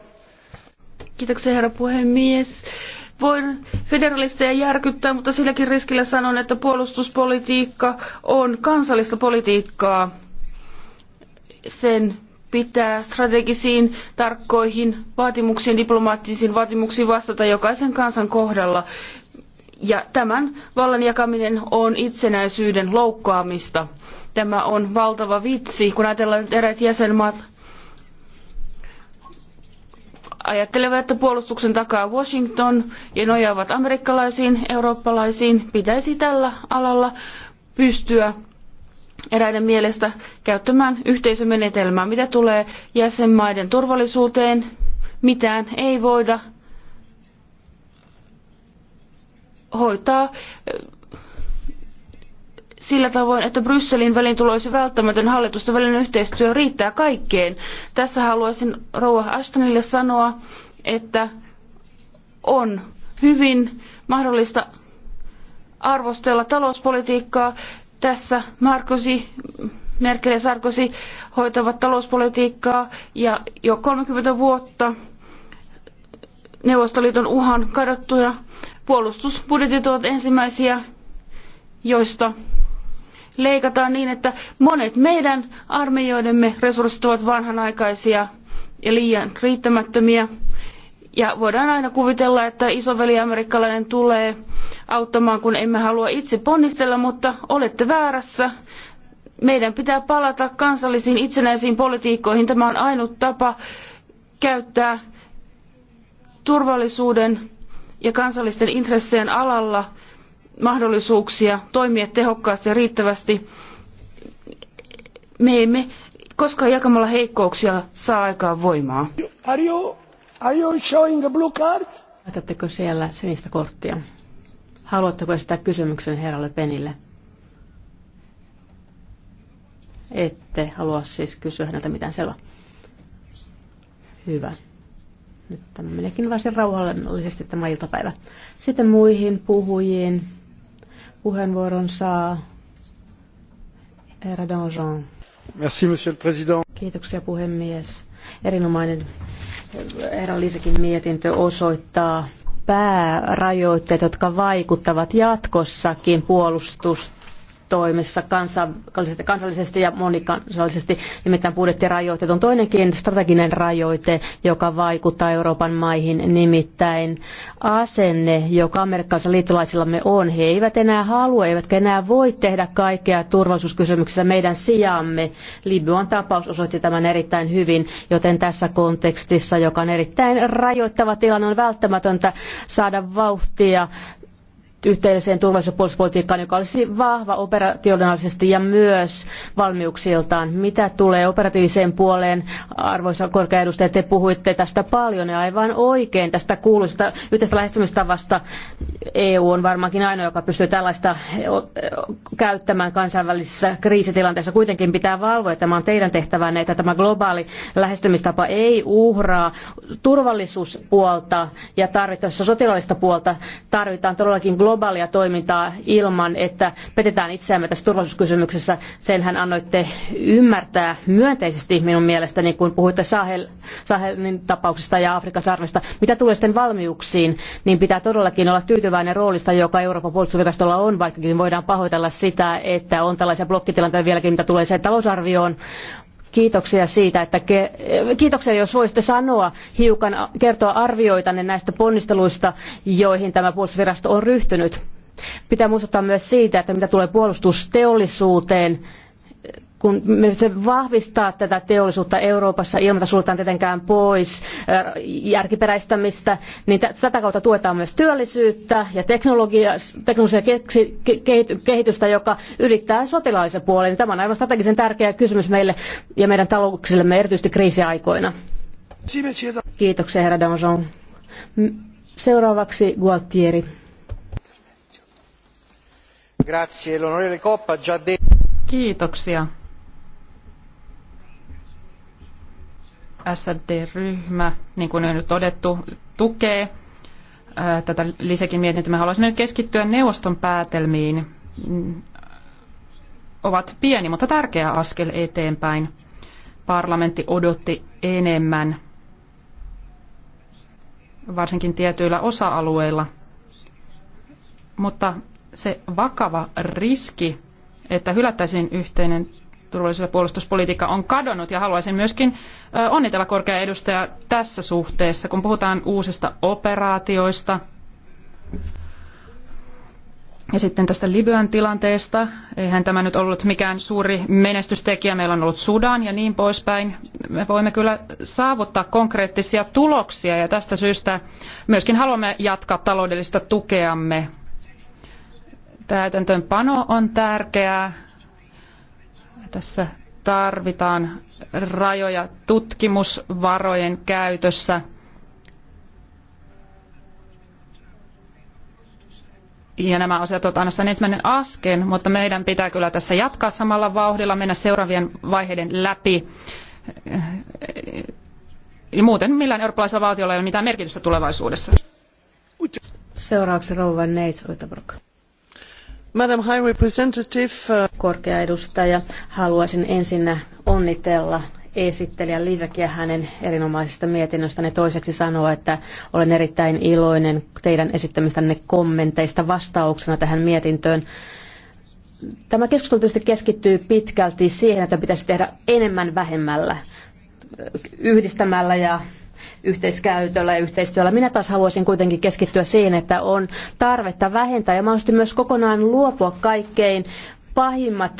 Kiitoksia herra puhemies. Voin federalisteja järkyttää, mutta silläkin riskillä sanon, että puolustuspolitiikka on kansallista politiikkaa. Sen pitää strategisiin, tarkkoihin vaatimuksiin, diplomaattisiin vaatimuksiin vastata jokaisen kansan kohdalla. Ja tämän vallan jakaminen on itsenäisyyden loukkaamista. Tämä on valtava vitsi, kun ajatellaan, että eräät jäsenmaat ajattelevat, että puolustuksen takaa Washington ja nojaavat amerikkalaisiin, eurooppalaisiin, pitäisi tällä alalla pystyä eräiden mielestä käyttämään yhteisömenetelmää. Mitä tulee jäsenmaiden turvallisuuteen, mitään ei voida hoitaa sillä tavoin, että Brysselin välin tuloisi välttämätön hallitusten välinen yhteistyö riittää kaikkeen. Tässä haluaisin Rouva Ashtonille sanoa, että on hyvin mahdollista arvostella talouspolitiikkaa. Tässä Markosi, Merkel ja Sarkosi hoitavat talouspolitiikkaa ja jo 30 vuotta Neuvostoliiton uhan kadottuja puolustusbudjetit ovat ensimmäisiä, joista leikataan niin, että monet meidän armeijoidemme resurssit ovat vanhanaikaisia ja liian riittämättömiä. Ja voidaan aina kuvitella, että isoveli amerikkalainen tulee auttamaan, kun emme halua itse ponnistella, mutta olette väärässä. Meidän pitää palata kansallisiin itsenäisiin politiikkoihin. Tämä on ainut tapa käyttää turvallisuuden ja kansallisten intressien alalla mahdollisuuksia toimia tehokkaasti ja riittävästi. Me emme koskaan jakamalla heikkouksia saa aikaan voimaa. Are you, are you showing the blue card? Näytättekö siellä sinistä korttia? Haluatteko esittää kysymyksen herralle Penille? Ette halua siis kysyä häneltä mitään selvä. Hyvä. Nyt tämä meneekin varsin rauhallisesti tämä iltapäivä. Sitten muihin puhujiin. Puheenvuoron saa herra Danjean. Merci, monsieur le président. Kiitoksia puhemies. Erinomainen herra Liisekin mietintö osoittaa päärajoitteet, jotka vaikuttavat jatkossakin puolustusta toimissa kansallisesti, kansallisesti ja monikansallisesti, nimittäin budjettirajoitteet on toinenkin strateginen rajoite, joka vaikuttaa Euroopan maihin, nimittäin asenne, joka amerikkalaisilla liittolaisillamme on. He eivät enää halua, eivätkä enää voi tehdä kaikkea turvallisuuskysymyksessä meidän sijaamme. Libyan tapaus osoitti tämän erittäin hyvin, joten tässä kontekstissa, joka on erittäin rajoittava tilanne, on välttämätöntä saada vauhtia yhteiseen turvallisuus- ja puolustuspolitiikkaan, joka olisi vahva operationaalisesti ja myös valmiuksiltaan. Mitä tulee operatiiviseen puoleen, arvoisa korkea edustaja, te puhuitte tästä paljon ja aivan oikein tästä kuuluisesta yhteistä lähestymistavasta. EU on varmaankin ainoa, joka pystyy tällaista eh, eh, käyttämään kansainvälisissä kriisitilanteissa. Kuitenkin pitää valvoa, että tämä on teidän tehtävänne, että tämä globaali lähestymistapa ei uhraa turvallisuuspuolta ja tarvittaessa sotilaallista puolta. Tarvitaan todellakin globaali globaalia toimintaa ilman, että petetään itseämme tässä turvallisuuskysymyksessä. Senhän annoitte ymmärtää myönteisesti minun mielestäni, kun puhuitte Sahel, Sahelin tapauksesta ja Afrikan sarvesta. Mitä tulee sitten valmiuksiin, niin pitää todellakin olla tyytyväinen roolista, joka Euroopan puolustusvirastolla on, vaikkakin voidaan pahoitella sitä, että on tällaisia blokkitilanteita vieläkin, mitä tulee sen talousarvioon. Kiitoksia siitä, että ke, kiitoksia jos voisitte sanoa hiukan, kertoa arvioitanne näistä ponnisteluista, joihin tämä puolustusvirasto on ryhtynyt. Pitää muistuttaa myös siitä, että mitä tulee puolustusteollisuuteen, kun se vahvistaa tätä teollisuutta Euroopassa ilman, että suljetaan tietenkään pois järkiperäistämistä, niin tätä kautta tuetaan myös työllisyyttä ja teknologia, teknologisia kehitystä, joka ylittää sotilaallisen puolen. Tämä on aivan strategisen tärkeä kysymys meille ja meidän talouksillemme erityisesti kriisiaikoina. Kiitoksia, herra Danjon. Seuraavaksi Gualtieri. Kiitoksia. SD-ryhmä, niin kuin on nyt todettu, tukee tätä lisäkin mietintöä. me haluaisin nyt keskittyä neuvoston päätelmiin. Mm, ovat pieni, mutta tärkeä askel eteenpäin. Parlamentti odotti enemmän, varsinkin tietyillä osa-alueilla. Mutta se vakava riski, että hylättäisiin yhteinen turvallisuus- ja puolustuspolitiikka on kadonnut ja haluaisin myöskin onnitella korkea edustaja tässä suhteessa, kun puhutaan uusista operaatioista ja sitten tästä Libyan tilanteesta. Eihän tämä nyt ollut mikään suuri menestystekijä. Meillä on ollut Sudan ja niin poispäin. Me voimme kyllä saavuttaa konkreettisia tuloksia ja tästä syystä myöskin haluamme jatkaa taloudellista tukeamme. Täytäntöönpano on tärkeää tässä tarvitaan rajoja tutkimusvarojen käytössä. Ja nämä asiat ovat ainoastaan ensimmäinen askel, mutta meidän pitää kyllä tässä jatkaa samalla vauhdilla, mennä seuraavien vaiheiden läpi. Ja muuten millään eurooppalaisella valtiolla ei ole mitään merkitystä tulevaisuudessa. Seuraavaksi rouva Neits Oitabrok. Madam High Representative. Uh, Korkea edustaja, haluaisin ensinnä onnitella esittelijä Lisäkiä hänen erinomaisesta mietinnöstä. Ne toiseksi sanoa, että olen erittäin iloinen teidän esittämistänne kommenteista vastauksena tähän mietintöön. Tämä keskustelu tietysti keskittyy pitkälti siihen, että pitäisi tehdä enemmän vähemmällä yhdistämällä ja yhteiskäytöllä ja yhteistyöllä. Minä taas haluaisin kuitenkin keskittyä siihen, että on tarvetta vähentää ja mahdollisesti myös kokonaan luopua kaikkein pahimmat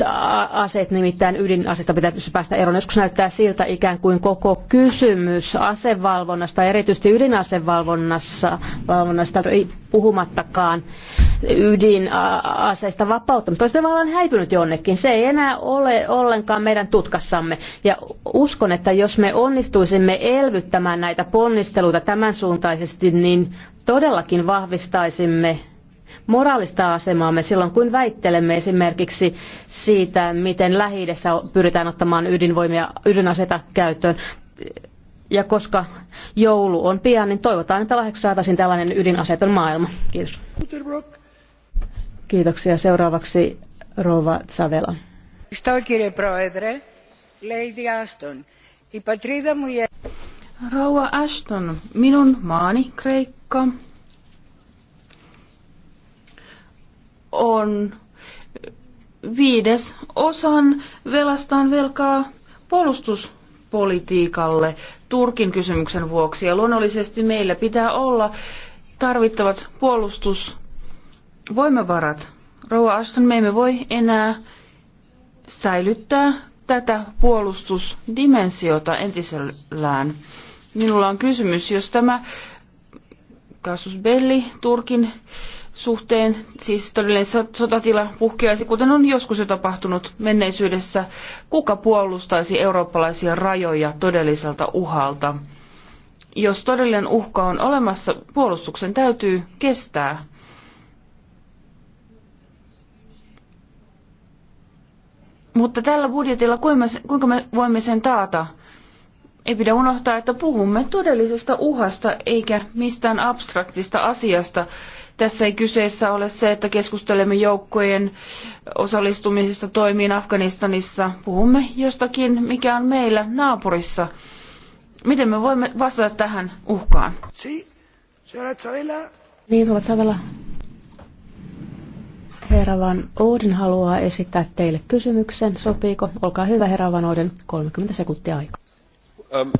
aseet, nimittäin ydinaseista pitäisi päästä eroon. Joskus näyttää siltä ikään kuin koko kysymys asevalvonnasta, erityisesti ydinasevalvonnassa, valvonnasta puhumattakaan ydinaseista vapauttamista. Olisi tavallaan häipynyt jonnekin. Se ei enää ole ollenkaan meidän tutkassamme. Ja uskon, että jos me onnistuisimme elvyttämään näitä ponnisteluita tämän suuntaisesti, niin todellakin vahvistaisimme moraalista asemaamme silloin, kun väittelemme esimerkiksi siitä, miten lähi pyritään ottamaan ydinvoimia, ydinaseita käyttöön. Ja koska joulu on pian, niin toivotaan, että lahjaksi saataisiin tällainen ydinaseeton maailma. Kiitos. Kiitoksia. Seuraavaksi Rova Tsavela. Rouva Ashton, minun maani Kreikka on viides osan velastaan velkaa puolustuspolitiikalle Turkin kysymyksen vuoksi. Ja luonnollisesti meillä pitää olla tarvittavat puolustusvoimavarat. Rouva Aston, me emme voi enää säilyttää tätä puolustusdimensiota entisellään. Minulla on kysymys, jos tämä kasus Belli, Turkin suhteen, siis todellinen sotatila puhkeaisi, kuten on joskus jo tapahtunut menneisyydessä, kuka puolustaisi eurooppalaisia rajoja todelliselta uhalta? Jos todellinen uhka on olemassa, puolustuksen täytyy kestää. Mutta tällä budjetilla kuinka me voimme sen taata? Ei pidä unohtaa, että puhumme todellisesta uhasta eikä mistään abstraktista asiasta, tässä ei kyseessä ole se, että keskustelemme joukkojen osallistumisesta toimiin Afganistanissa. Puhumme jostakin, mikä on meillä naapurissa. Miten me voimme vastata tähän uhkaan? Si, niin, Rova Savela. Herra Van Ouden haluaa esittää teille kysymyksen. Sopiiko? Olkaa hyvä, herra Van Ouden. 30 sekuntia aikaa. Um,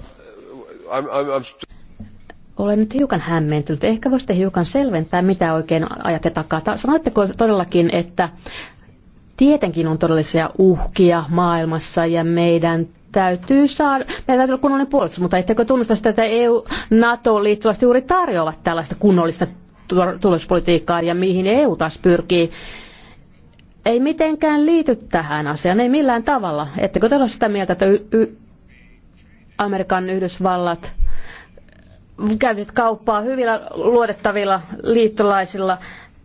I'm, I'm, I'm... Olen nyt hiukan hämmentynyt. Ehkä voisitte hiukan selventää, mitä oikein ajatte takaa. Sanoitteko todellakin, että tietenkin on todellisia uhkia maailmassa ja meidän täytyy saada, meidän täytyy olla kunnollinen puolustus, mutta ettekö tunnusta sitä, että EU, NATO liittyvästi juuri tarjoavat tällaista kunnollista turvallisuuspolitiikkaa ja mihin EU taas pyrkii? Ei mitenkään liity tähän asiaan, ei millään tavalla. Ettekö te ole sitä mieltä, että y- y- Amerikan Yhdysvallat käynyt kauppaa hyvillä luotettavilla liittolaisilla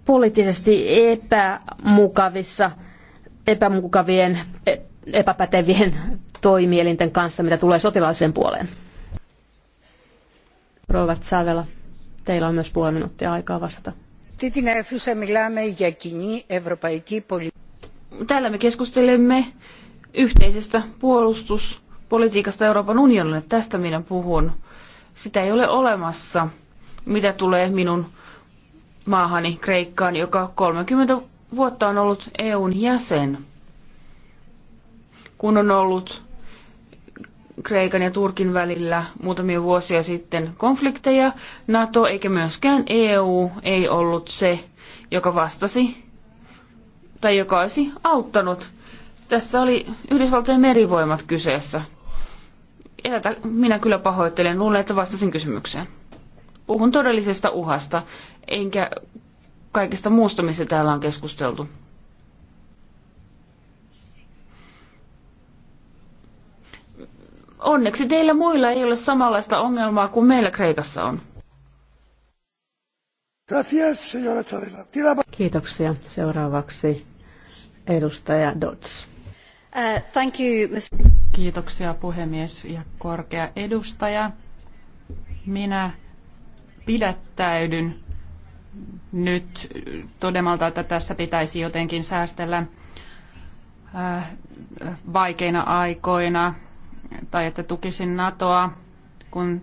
poliittisesti epämukavissa, epämukavien, e, epäpätevien toimielinten kanssa, mitä tulee sotilaalliseen puoleen. Robert Savela, teillä on myös puoli minuuttia aikaa vastata. Täällä me keskustelemme yhteisestä puolustuspolitiikasta Euroopan unionille. Tästä minä puhun. Sitä ei ole olemassa, mitä tulee minun maahani Kreikkaan, joka 30 vuotta on ollut EUn jäsen, kun on ollut Kreikan ja Turkin välillä muutamia vuosia sitten konflikteja. NATO eikä myöskään EU ei ollut se, joka vastasi tai joka olisi auttanut. Tässä oli Yhdysvaltojen merivoimat kyseessä. Elätä, minä kyllä pahoittelen. Luulen, että vastasin kysymykseen. Puhun todellisesta uhasta, enkä kaikesta muusta, missä täällä on keskusteltu. Onneksi teillä muilla ei ole samanlaista ongelmaa kuin meillä Kreikassa on. Kiitoksia. Seuraavaksi edustaja Dodds. Uh, thank you, Kiitoksia puhemies ja korkea edustaja. Minä pidättäydyn nyt todemalta, että tässä pitäisi jotenkin säästellä uh, vaikeina aikoina tai että tukisin NATOa, kun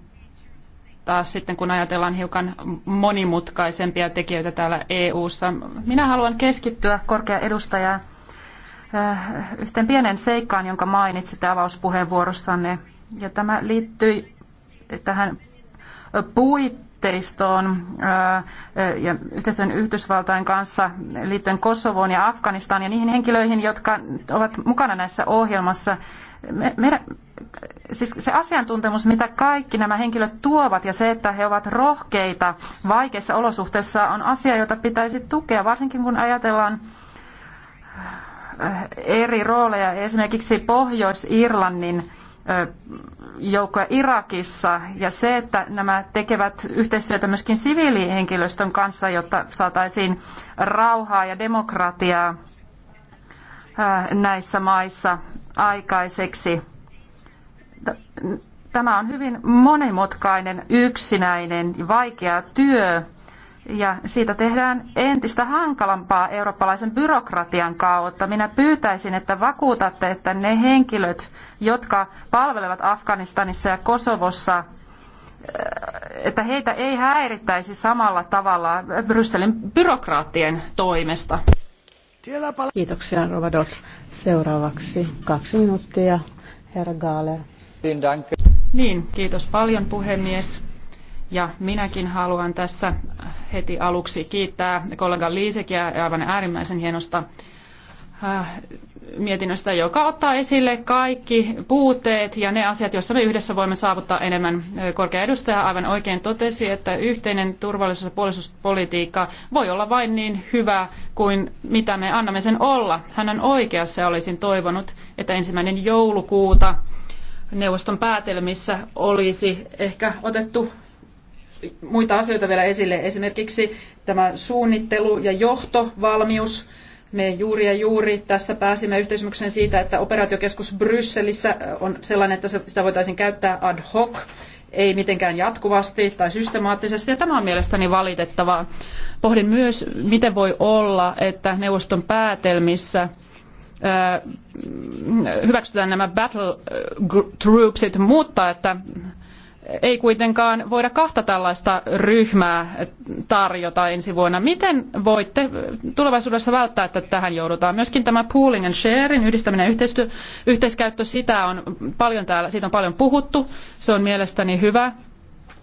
taas sitten kun ajatellaan hiukan monimutkaisempia tekijöitä täällä EU:ssa. Minä haluan keskittyä korkea edustajaa Äh, yhteen pienen seikkaan, jonka mainitsitte avauspuheenvuorossanne. Ja tämä liittyi tähän puitteistoon äh, ja yhteistyön Yhdysvaltain kanssa liittyen Kosovoon ja Afganistaan ja niihin henkilöihin, jotka ovat mukana näissä ohjelmassa. Meidän, siis se asiantuntemus, mitä kaikki nämä henkilöt tuovat ja se, että he ovat rohkeita vaikeissa olosuhteissa on asia, jota pitäisi tukea, varsinkin kun ajatellaan Äh, eri rooleja. Esimerkiksi Pohjois-Irlannin joukkoja Irakissa ja se, että nämä tekevät yhteistyötä myöskin siviilihenkilöstön kanssa, jotta saataisiin rauhaa ja demokratiaa näissä maissa aikaiseksi. Tämä on hyvin monimutkainen, yksinäinen ja vaikea työ ja siitä tehdään entistä hankalampaa eurooppalaisen byrokratian kautta. Minä pyytäisin, että vakuutatte, että ne henkilöt, jotka palvelevat Afganistanissa ja Kosovossa, äh, että heitä ei häirittäisi samalla tavalla Brysselin byrokraattien toimesta. Kiitoksia, Rova Dots. Seuraavaksi kaksi minuuttia, herra Gaaler. Niin, kiitos paljon puhemies ja minäkin haluan tässä heti aluksi kiittää kollega Liisekiä aivan äärimmäisen hienosta äh, mietinnöstä, joka ottaa esille kaikki puutteet ja ne asiat, joissa me yhdessä voimme saavuttaa enemmän. Korkea edustaja aivan oikein totesi, että yhteinen turvallisuus- ja puolustuspolitiikka voi olla vain niin hyvä kuin mitä me annamme sen olla. Hän on oikeassa ja olisin toivonut, että ensimmäinen joulukuuta neuvoston päätelmissä olisi ehkä otettu muita asioita vielä esille, esimerkiksi tämä suunnittelu ja johtovalmius. Me juuri ja juuri tässä pääsimme yhteisymmykseen siitä, että operaatiokeskus Brysselissä on sellainen, että sitä voitaisiin käyttää ad hoc, ei mitenkään jatkuvasti tai systemaattisesti, ja tämä on mielestäni valitettavaa. Pohdin myös, miten voi olla, että neuvoston päätelmissä hyväksytään nämä battle troopsit, mutta että ei kuitenkaan voida kahta tällaista ryhmää tarjota ensi vuonna. Miten voitte tulevaisuudessa välttää, että tähän joudutaan? Myöskin tämä pooling and sharing, yhdistäminen yhteistyö, yhteiskäyttö, sitä on paljon täällä, siitä on paljon puhuttu. Se on mielestäni hyvä.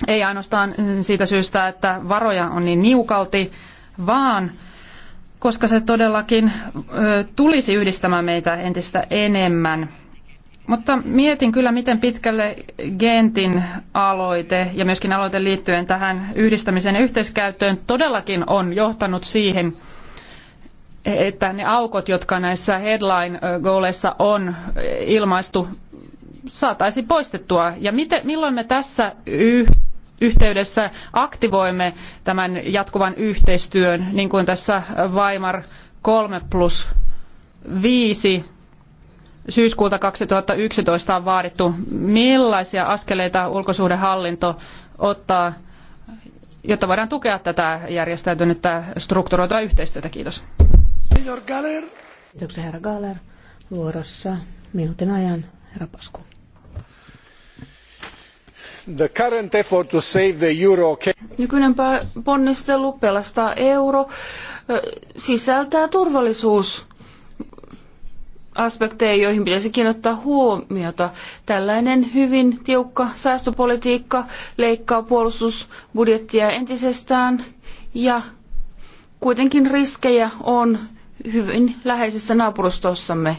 Ei ainoastaan siitä syystä, että varoja on niin niukalti, vaan koska se todellakin tulisi yhdistämään meitä entistä enemmän – mutta mietin kyllä, miten pitkälle Gentin aloite ja myöskin aloite liittyen tähän yhdistämiseen ja yhteiskäyttöön todellakin on johtanut siihen, että ne aukot, jotka näissä headline-gooleissa on ilmaistu, saataisiin poistettua. Ja miten, milloin me tässä yhteydessä aktivoimme tämän jatkuvan yhteistyön, niin kuin tässä Weimar 3 plus 5 syyskuulta 2011 on vaadittu. Millaisia askeleita ulkosuhdehallinto ottaa, jotta voidaan tukea tätä järjestäytynyttä strukturoitua yhteistyötä? Kiitos. Kiitoksia herra Galler. Vuorossa minuutin ajan herra Pasku. The current effort to save the euro... Nykyinen ponnistelu pelastaa euro sisältää turvallisuus aspekteja, joihin pitäisi kiinnittää huomiota. Tällainen hyvin tiukka säästöpolitiikka leikkaa puolustusbudjettia entisestään ja kuitenkin riskejä on hyvin läheisessä naapurustossamme.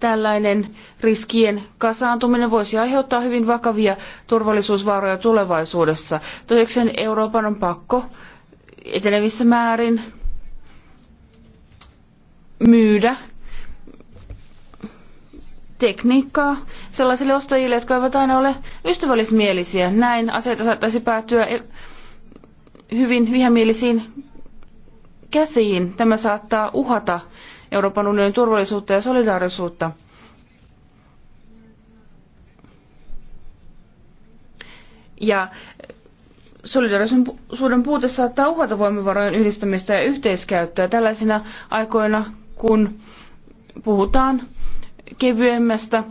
Tällainen riskien kasaantuminen voisi aiheuttaa hyvin vakavia turvallisuusvaaroja tulevaisuudessa. Toiseksi Euroopan on pakko etenevissä määrin myydä tekniikkaa sellaisille ostajille, jotka eivät aina ole ystävällismielisiä. Näin aseita saattaisi päätyä e- hyvin vihamielisiin käsiin. Tämä saattaa uhata Euroopan unionin turvallisuutta ja solidaarisuutta. Ja solidaarisuuden puute saattaa uhata voimavarojen yhdistämistä ja yhteiskäyttöä tällaisina aikoina, kun puhutaan kevyemmästä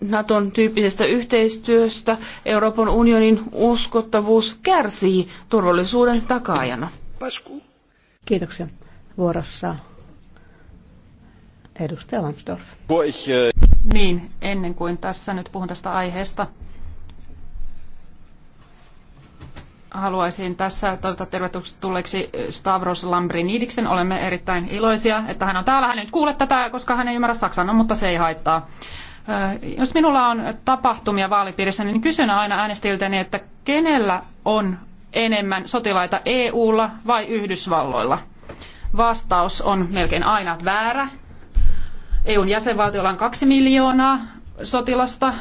Naton tyyppisestä yhteistyöstä Euroopan unionin uskottavuus kärsii turvallisuuden takaajana. Pasku. Kiitoksia. Vuorossa edustaja Lansdorf. Niin, ennen kuin tässä nyt puhun tästä aiheesta, haluaisin tässä toivottaa tervetulleeksi eh, Stavros Lambrinidiksen. Olemme erittäin iloisia, että hän on täällä. Hän ei nyt kuule tätä, koska hän ei ymmärrä saksanaa, no, mutta se ei haittaa. Eh, jos minulla on tapahtumia vaalipiirissä, niin kysyn aina äänestäjiltäni, että kenellä on enemmän sotilaita EUlla vai Yhdysvalloilla? Vastaus on melkein aina väärä. EUn jäsenvaltiolla on kaksi miljoonaa sotilasta,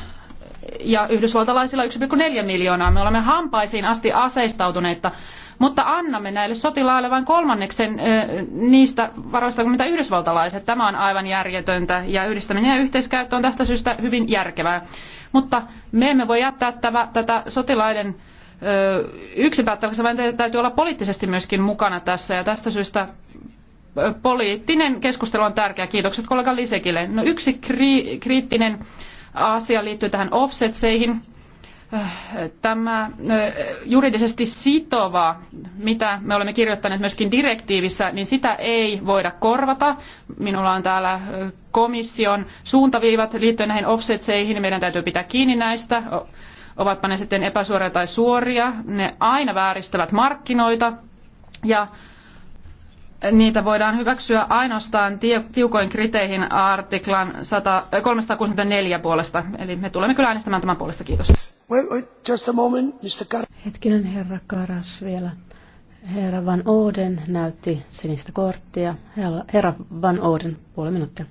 ja yhdysvaltalaisilla 1,4 miljoonaa. Me olemme hampaisiin asti aseistautuneita, mutta annamme näille sotilaille vain kolmanneksen niistä varoista kuin mitä yhdysvaltalaiset. Tämä on aivan järjetöntä ja yhdistäminen ja yhteiskäyttö on tästä syystä hyvin järkevää. Mutta me emme voi jättää tätä sotilaiden yksin päättäväksi, vaan täytyy olla poliittisesti myöskin mukana tässä ja tästä syystä poliittinen keskustelu on tärkeä. Kiitokset kollega Lisekille. No yksi kriittinen asia liittyy tähän offsetseihin. Tämä juridisesti sitova, mitä me olemme kirjoittaneet myöskin direktiivissä, niin sitä ei voida korvata. Minulla on täällä komission suuntaviivat liittyen näihin offsetseihin. Meidän täytyy pitää kiinni näistä ovatpa ne sitten epäsuoria tai suoria, ne aina vääristävät markkinoita ja niitä voidaan hyväksyä ainoastaan tiukoin kriteihin artiklan 100, 364 äh, puolesta. Eli me tulemme kyllä äänestämään tämän puolesta. Kiitos. Wait, wait, just a moment, Mr. Kar- Hetkinen, herra Karas vielä. Herra Van Oden näytti sinistä korttia. Herra Van Oden, puoli minuuttia.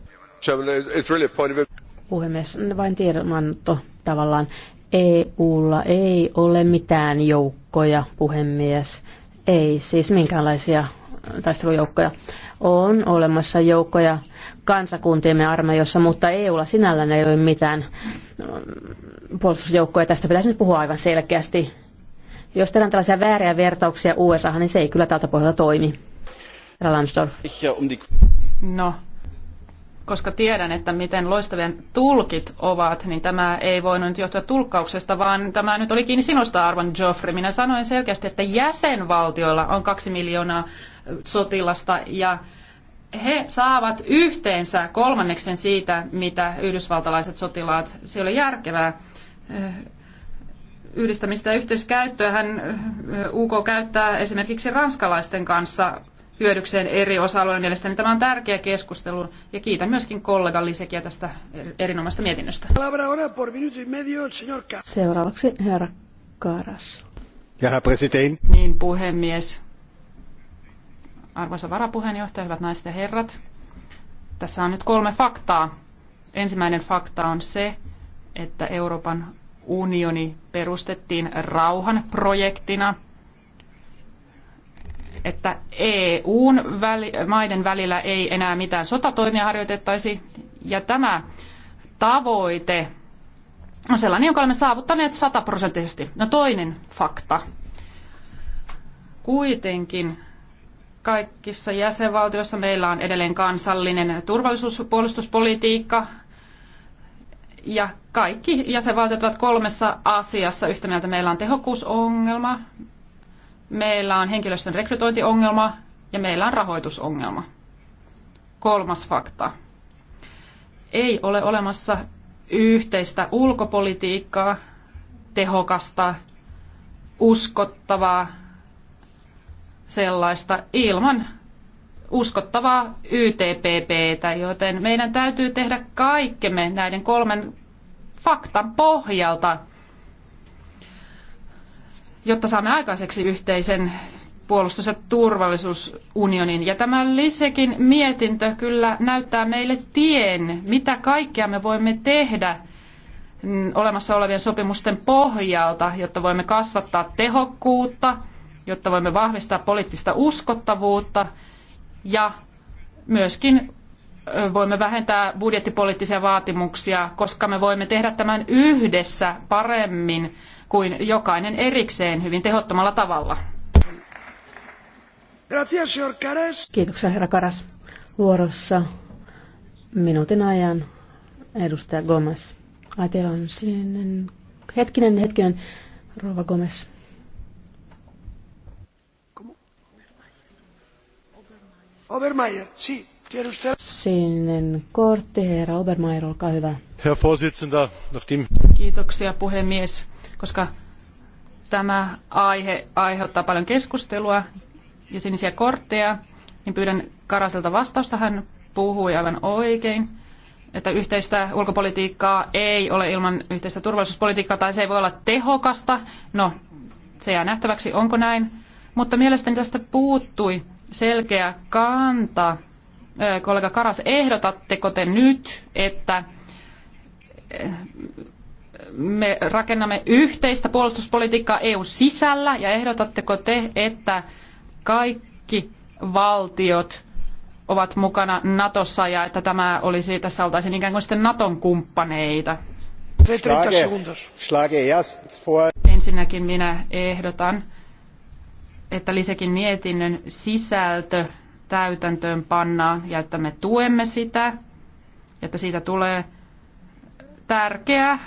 Puhemies, vain tiedonanto tavallaan. EUlla ei ole mitään joukkoja, puhemies. Ei siis minkäänlaisia taistelujoukkoja. On olemassa joukkoja kansakuntiemme armeijossa, mutta EUlla sinällään ei ole mitään mm, puolustusjoukkoja. Tästä pitäisi nyt puhua aivan selkeästi. Jos tehdään tällaisia vääriä vertauksia USA, niin se ei kyllä tältä pohjalta toimi. No, koska tiedän, että miten loistavien tulkit ovat, niin tämä ei voinut johtua tulkkauksesta, vaan tämä nyt oli kiinni sinusta, arvon Joffrey. Minä sanoin selkeästi, että jäsenvaltioilla on kaksi miljoonaa sotilasta ja he saavat yhteensä kolmanneksen siitä, mitä yhdysvaltalaiset sotilaat. Se oli järkevää eh, yhdistämistä ja yhteiskäyttöä. Hän eh, UK käyttää esimerkiksi ranskalaisten kanssa hyödykseen eri osa-alueiden. Mielestäni tämä on tärkeä keskustelu ja kiitän myöskin kollega Lisekiä tästä erinomaisesta mietinnöstä. Seuraavaksi herra Karas. Ja herra president. Niin puhemies. Arvoisa varapuheenjohtaja, hyvät naiset ja herrat, tässä on nyt kolme faktaa. Ensimmäinen fakta on se, että Euroopan unioni perustettiin rauhan projektina, että EUn väli, maiden välillä ei enää mitään sotatoimia harjoitettaisi, ja tämä tavoite on sellainen, jonka olemme saavuttaneet sataprosenttisesti. No toinen fakta. Kuitenkin Kaikissa jäsenvaltioissa meillä on edelleen kansallinen turvallisuus- ja puolustuspolitiikka, ja kaikki jäsenvaltiot ovat kolmessa asiassa yhtä mieltä. Meillä on tehokkuusongelma, meillä on henkilöstön rekrytointiongelma ja meillä on rahoitusongelma. Kolmas fakta. Ei ole olemassa yhteistä ulkopolitiikkaa, tehokasta, uskottavaa sellaista ilman uskottavaa YTPPtä, joten meidän täytyy tehdä kaikkemme näiden kolmen faktan pohjalta, jotta saamme aikaiseksi yhteisen puolustus- ja turvallisuusunionin. Ja tämä Lisekin mietintö kyllä näyttää meille tien, mitä kaikkea me voimme tehdä mm, olemassa olevien sopimusten pohjalta, jotta voimme kasvattaa tehokkuutta – jotta voimme vahvistaa poliittista uskottavuutta ja myöskin voimme vähentää budjettipoliittisia vaatimuksia, koska me voimme tehdä tämän yhdessä paremmin kuin jokainen erikseen hyvin tehottomalla tavalla. Kiitoksia, herra Karas. Vuorossa minuutin ajan edustaja Gomez. Ai, teillä on sininen... Hetkinen, hetkinen, rouva Gomez. Obermeier, kortti, Herr Vorsitzender, Kiitoksia puhemies, koska tämä aihe aiheuttaa paljon keskustelua ja sinisiä kortteja, niin pyydän Karaselta vastausta. Hän puhui aivan oikein, että yhteistä ulkopolitiikkaa ei ole ilman yhteistä turvallisuuspolitiikkaa tai se ei voi olla tehokasta. No, se jää nähtäväksi, onko näin. Mutta mielestäni tästä puuttui selkeä kanta. Kollega Karas, ehdotatteko te nyt, että me rakennamme yhteistä puolustuspolitiikkaa EU-sisällä ja ehdotatteko te, että kaikki valtiot ovat mukana Natossa ja että tämä olisi, tässä oltaisiin ikään kuin sitten Naton kumppaneita? Schlage, schlage Ensinnäkin minä ehdotan, että lisäkin mietinnön sisältö täytäntöön pannaan ja että me tuemme sitä, että siitä tulee tärkeä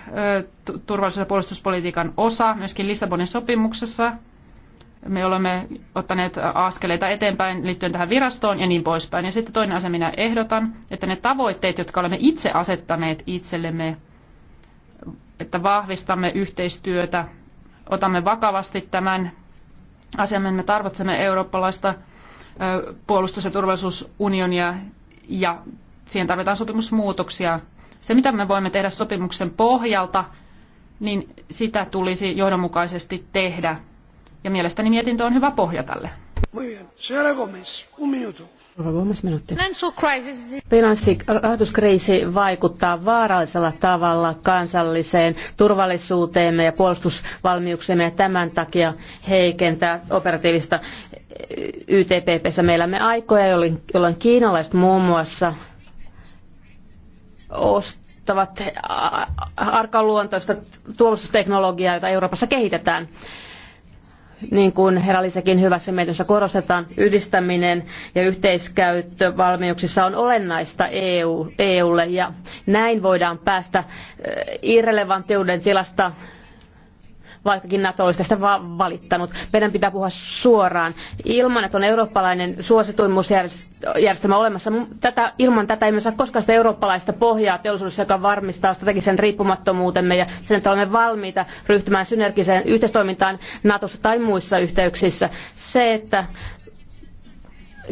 turvallisuus- ja puolustuspolitiikan osa myöskin Lissabonin sopimuksessa. Me olemme ottaneet askeleita eteenpäin liittyen tähän virastoon ja niin poispäin. Ja sitten toinen asia minä ehdotan, että ne tavoitteet, jotka olemme itse asettaneet itsellemme, että vahvistamme yhteistyötä, otamme vakavasti tämän asiamme. Me tarvitsemme eurooppalaista puolustus- ja turvallisuusunionia ja siihen tarvitaan sopimusmuutoksia. Se, mitä me voimme tehdä sopimuksen pohjalta, niin sitä tulisi johdonmukaisesti tehdä. Ja mielestäni mietintö on hyvä pohja tälle. Muy bien. Señora Gómez, un minuto. Finanssirahoituskriisi vaikuttaa vaarallisella tavalla kansalliseen turvallisuuteemme ja puolustusvalmiuksemme ja tämän takia heikentää operatiivista YTPPssä. Meillä me aikoja, jolloin kiinalaiset muun muassa ostavat arkaluontoista puolustusteknologiaa, jota Euroopassa kehitetään niin kuin herallisekin hyvässä mietinnössä korostetaan, yhdistäminen ja yhteiskäyttö valmiuksissa on olennaista EU, EUlle ja näin voidaan päästä eh, irrelevanttiuden tilasta vaikkakin NATO olisi tästä va- valittanut. Meidän pitää puhua suoraan. Ilman, että on eurooppalainen suosituimmuusjärjestelmä olemassa, tätä, ilman tätä emme saa koskaan sitä eurooppalaista pohjaa teollisuudessa, joka varmistaa strategisen riippumattomuutemme ja sen, että olemme valmiita ryhtymään synergiseen yhteistoimintaan NATOssa tai muissa yhteyksissä. Se, että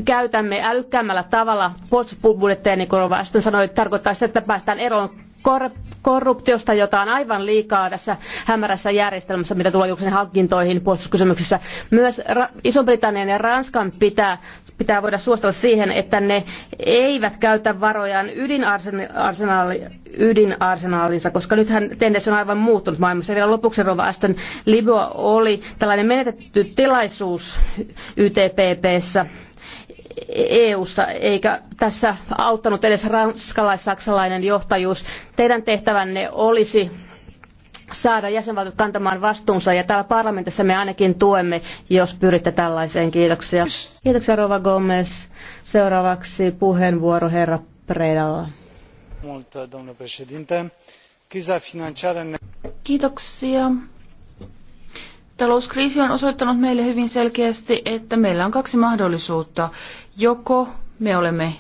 käytämme älykkäämmällä tavalla puolustusbudjetteja, niin kuin sanoi, tarkoittaa sitä, että päästään eroon korruptiosta, jota on aivan liikaa tässä hämärässä järjestelmässä, mitä tulee julkisen hankintoihin puolustuskysymyksissä. Myös Ra- Iso-Britannian ja Ranskan pitää, pitää voida suostella siihen, että ne eivät käytä varojaan ydinarsenaali, ydinarsenaalinsa, koska nythän tendenssi on aivan muuttunut maailmassa. Ja vielä lopuksi Rova Aston Libya oli tällainen menetetty tilaisuus YTPPssä EU-ssa, eikä tässä auttanut edes ranskalais-saksalainen johtajuus. Teidän tehtävänne olisi saada jäsenvaltiot kantamaan vastuunsa ja täällä parlamentissa me ainakin tuemme, jos pyritte tällaiseen. Kiitoksia. Kiitoksia Rova Gomez. Seuraavaksi puheenvuoro herra Predalla. Kiitoksia. Talouskriisi on osoittanut meille hyvin selkeästi, että meillä on kaksi mahdollisuutta. Joko me olemme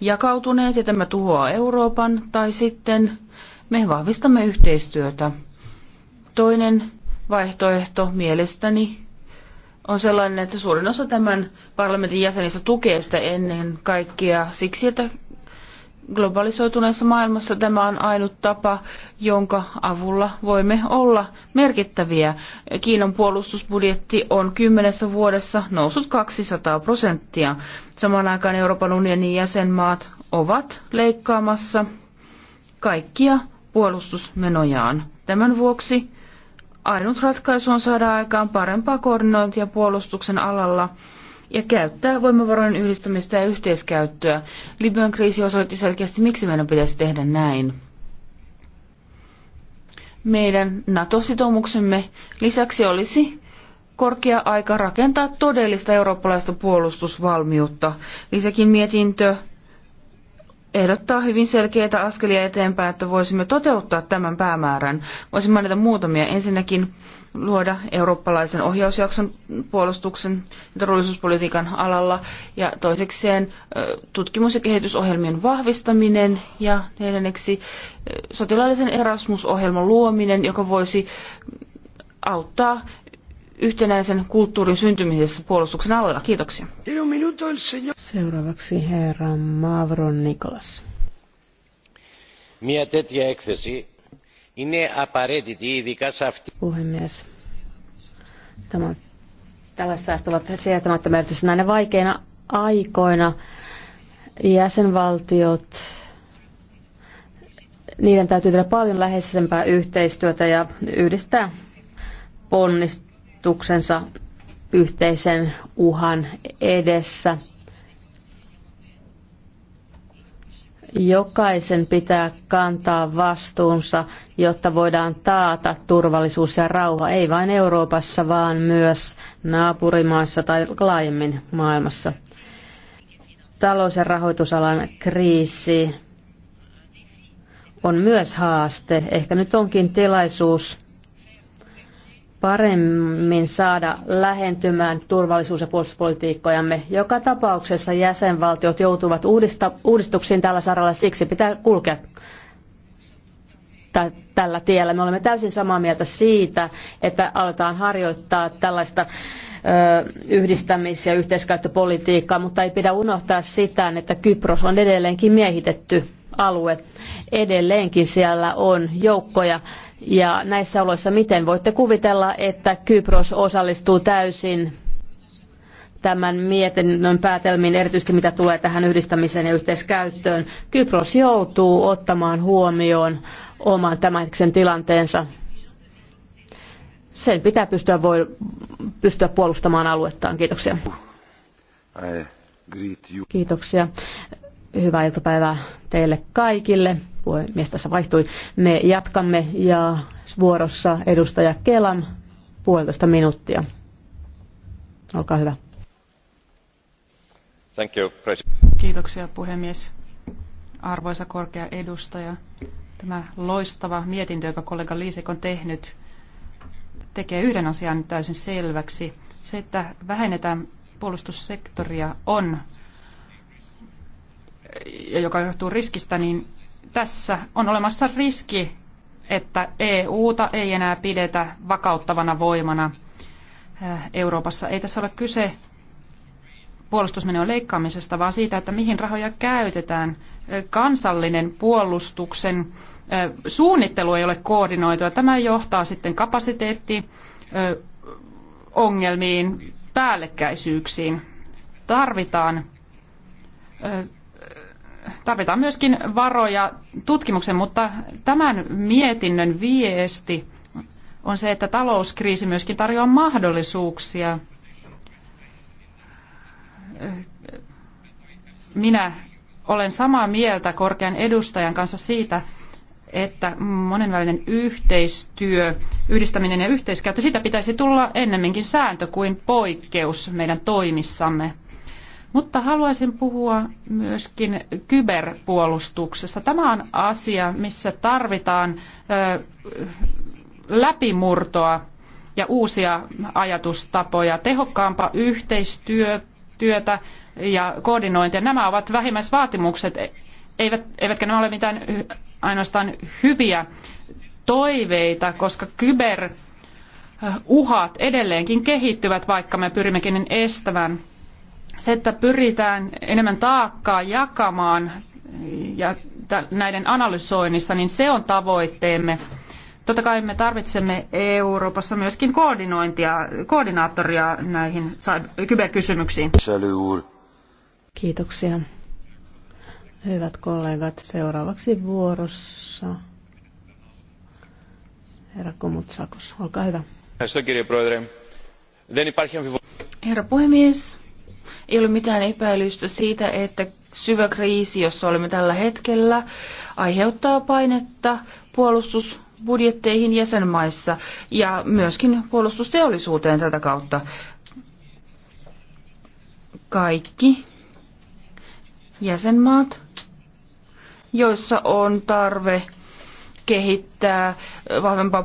jakautuneet ja tämä tuhoaa Euroopan, tai sitten me vahvistamme yhteistyötä. Toinen vaihtoehto mielestäni on sellainen, että suurin osa tämän parlamentin jäsenistä tukee sitä ennen kaikkea siksi, että globalisoituneessa maailmassa tämä on ainut tapa, jonka avulla voimme olla merkittäviä. Kiinan puolustusbudjetti on kymmenessä vuodessa noussut 200 prosenttia. Samaan aikaan Euroopan unionin jäsenmaat ovat leikkaamassa kaikkia puolustusmenojaan. Tämän vuoksi ainut ratkaisu on saada aikaan parempaa koordinointia puolustuksen alalla – ja käyttää voimavarojen yhdistämistä ja yhteiskäyttöä. Libyan kriisi osoitti selkeästi, miksi meidän pitäisi tehdä näin. Meidän NATO-sitoumuksemme lisäksi olisi korkea aika rakentaa todellista eurooppalaista puolustusvalmiutta. Lisäkin mietintö ehdottaa hyvin selkeitä askelia eteenpäin, että voisimme toteuttaa tämän päämäärän. Voisin mainita muutamia. Ensinnäkin luoda eurooppalaisen ohjausjakson puolustuksen ja turvallisuuspolitiikan alalla ja toisekseen tutkimus- ja kehitysohjelmien vahvistaminen ja neljänneksi sotilaallisen Erasmus-ohjelman luominen, joka voisi auttaa yhtenäisen kulttuurin syntymisessä puolustuksen alueella. Kiitoksia. Seuraavaksi herra Mavron Nikolas. Μια τέτοια έκθεση Puhemies. Tämä, tällaiset säästöt ovat sietämättömiä merkitys näinä vaikeina aikoina. Jäsenvaltiot, niiden täytyy tehdä paljon läheisempää yhteistyötä ja yhdistää ponnist, ajatuksensa yhteisen uhan edessä. Jokaisen pitää kantaa vastuunsa, jotta voidaan taata turvallisuus ja rauha, ei vain Euroopassa, vaan myös naapurimaassa tai laajemmin maailmassa. Talous- ja rahoitusalan kriisi on myös haaste. Ehkä nyt onkin tilaisuus paremmin saada lähentymään turvallisuus- ja puolustuspolitiikkojamme. Joka tapauksessa jäsenvaltiot joutuvat uudista, uudistuksiin tällä saralla, siksi pitää kulkea tällä tiellä. Me olemme täysin samaa mieltä siitä, että aletaan harjoittaa tällaista yhdistämis- ja yhteiskäyttöpolitiikkaa, mutta ei pidä unohtaa sitä, että Kypros on edelleenkin miehitetty alue. Edelleenkin siellä on joukkoja, ja näissä oloissa miten voitte kuvitella, että Kypros osallistuu täysin tämän mietinnön päätelmiin, erityisesti mitä tulee tähän yhdistämiseen ja yhteiskäyttöön. Kypros joutuu ottamaan huomioon oman tämänhetkisen tilanteensa. Sen pitää pystyä, voi, pystyä puolustamaan aluettaan. Kiitoksia. Kiitoksia hyvää iltapäivää teille kaikille. Puhemies tässä vaihtui. Me jatkamme ja vuorossa edustaja Kelam puolitoista minuuttia. Olkaa hyvä. Thank you, Kiitoksia puhemies. Arvoisa korkea edustaja, tämä loistava mietintö, joka kollega Liisek on tehnyt, tekee yhden asian täysin selväksi. Se, että vähennetään puolustussektoria, on joka johtuu riskistä, niin tässä on olemassa riski, että EUta ei enää pidetä vakauttavana voimana äh, Euroopassa. Ei tässä ole kyse puolustusmenojen leikkaamisesta, vaan siitä, että mihin rahoja käytetään. Äh, kansallinen puolustuksen äh, suunnittelu ei ole koordinoitua. Tämä johtaa sitten kapasiteetti ongelmiin, päällekkäisyyksiin. Tarvitaan tarvitaan myöskin varoja tutkimuksen, mutta tämän mietinnön viesti on se, että talouskriisi myöskin tarjoaa mahdollisuuksia. Minä olen samaa mieltä korkean edustajan kanssa siitä, että monenvälinen yhteistyö, yhdistäminen ja yhteiskäyttö, sitä pitäisi tulla ennemminkin sääntö kuin poikkeus meidän toimissamme. Mutta haluaisin puhua myöskin kyberpuolustuksesta. Tämä on asia, missä tarvitaan läpimurtoa ja uusia ajatustapoja, tehokkaampaa yhteistyötä ja koordinointia. Nämä ovat vähimmäisvaatimukset, eivät, eivätkä nämä ole mitään ainoastaan hyviä toiveita, koska kyberuhat edelleenkin kehittyvät, vaikka me pyrimmekin estämään se, että pyritään enemmän taakkaa jakamaan ja näiden analysoinnissa, niin se on tavoitteemme. Totta kai me tarvitsemme Euroopassa myöskin koordinointia, koordinaattoria näihin kyberkysymyksiin. Kiitoksia. Hyvät kollegat, seuraavaksi vuorossa herra Komutsakos, olkaa hyvä. Herra puhemies, ei ole mitään epäilystä siitä, että syvä kriisi, jossa olemme tällä hetkellä, aiheuttaa painetta puolustusbudjetteihin jäsenmaissa ja myöskin puolustusteollisuuteen tätä kautta. Kaikki jäsenmaat, joissa on tarve kehittää vahvempaa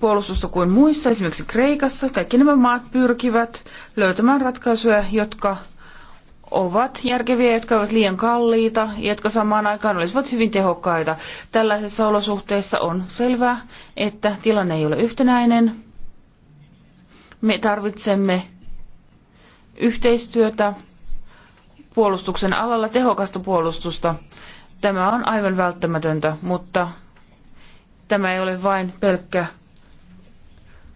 puolustusta kuin muissa, esimerkiksi Kreikassa. Kaikki nämä maat pyrkivät löytämään ratkaisuja, jotka ovat järkeviä, jotka ovat liian kalliita ja jotka samaan aikaan olisivat hyvin tehokkaita. Tällaisessa olosuhteessa on selvää, että tilanne ei ole yhtenäinen. Me tarvitsemme yhteistyötä puolustuksen alalla, tehokasta puolustusta. Tämä on aivan välttämätöntä, mutta tämä ei ole vain pelkkä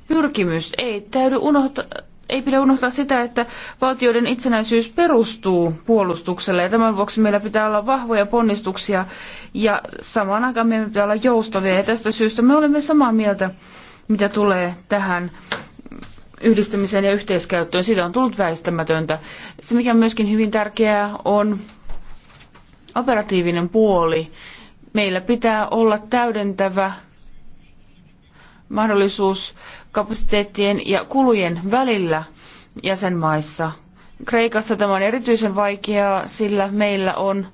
pyrkimys. Ei, täydy unohtaa, ei pidä unohtaa sitä, että valtioiden itsenäisyys perustuu puolustukselle ja tämän vuoksi meillä pitää olla vahvoja ponnistuksia ja samaan aikaan meidän pitää olla joustavia ja tästä syystä me olemme samaa mieltä, mitä tulee tähän yhdistämiseen ja yhteiskäyttöön. Siitä on tullut väistämätöntä. Se, mikä myöskin hyvin tärkeää, on operatiivinen puoli meillä pitää olla täydentävä mahdollisuus kapasiteettien ja kulujen välillä jäsenmaissa. Kreikassa tämä on erityisen vaikeaa, sillä meillä on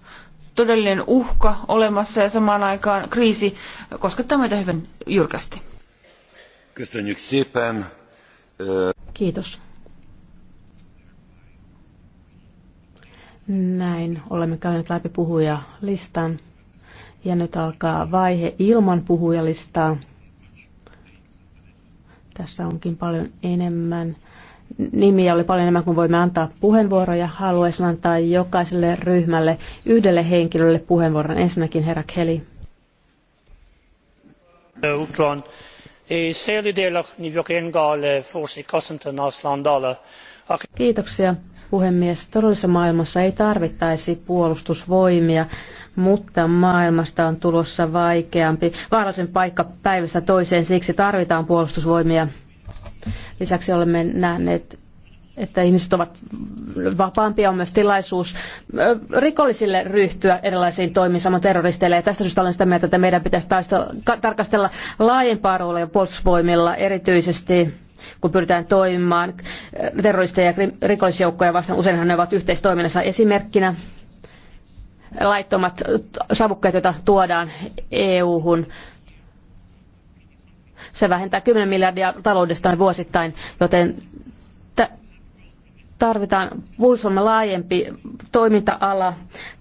todellinen uhka olemassa ja samaan aikaan kriisi koskettaa meitä hyvin jyrkästi. Kiitos. Näin olemme käyneet läpi puhuja listan. Ja nyt alkaa vaihe ilman puhujalistaa. Tässä onkin paljon enemmän nimiä oli paljon enemmän kuin voimme antaa puheenvuoroja. Haluaisin antaa jokaiselle ryhmälle yhdelle henkilölle puheenvuoron. Ensinnäkin herra Kelly. Niin Kiitoksia puhemies. Todellisessa maailmassa ei tarvittaisi puolustusvoimia, mutta maailmasta on tulossa vaikeampi, vaarallisen paikka päivästä toiseen, siksi tarvitaan puolustusvoimia. Lisäksi olemme nähneet että ihmiset ovat vapaampia, on myös tilaisuus rikollisille ryhtyä erilaisiin toimiin, samoin terroristeille. Ja tästä syystä olen sitä mieltä, että meidän pitäisi tarkastella laajempaa roolia puolustusvoimilla, erityisesti kun pyritään toimimaan terroristeja ja rikollisjoukkoja vastaan. Useinhan ne ovat yhteistoiminnassa esimerkkinä laittomat savukkeet, joita tuodaan EU-hun. Se vähentää 10 miljardia taloudestamme vuosittain, joten tarvitaan pulsomme laajempi toiminta-ala,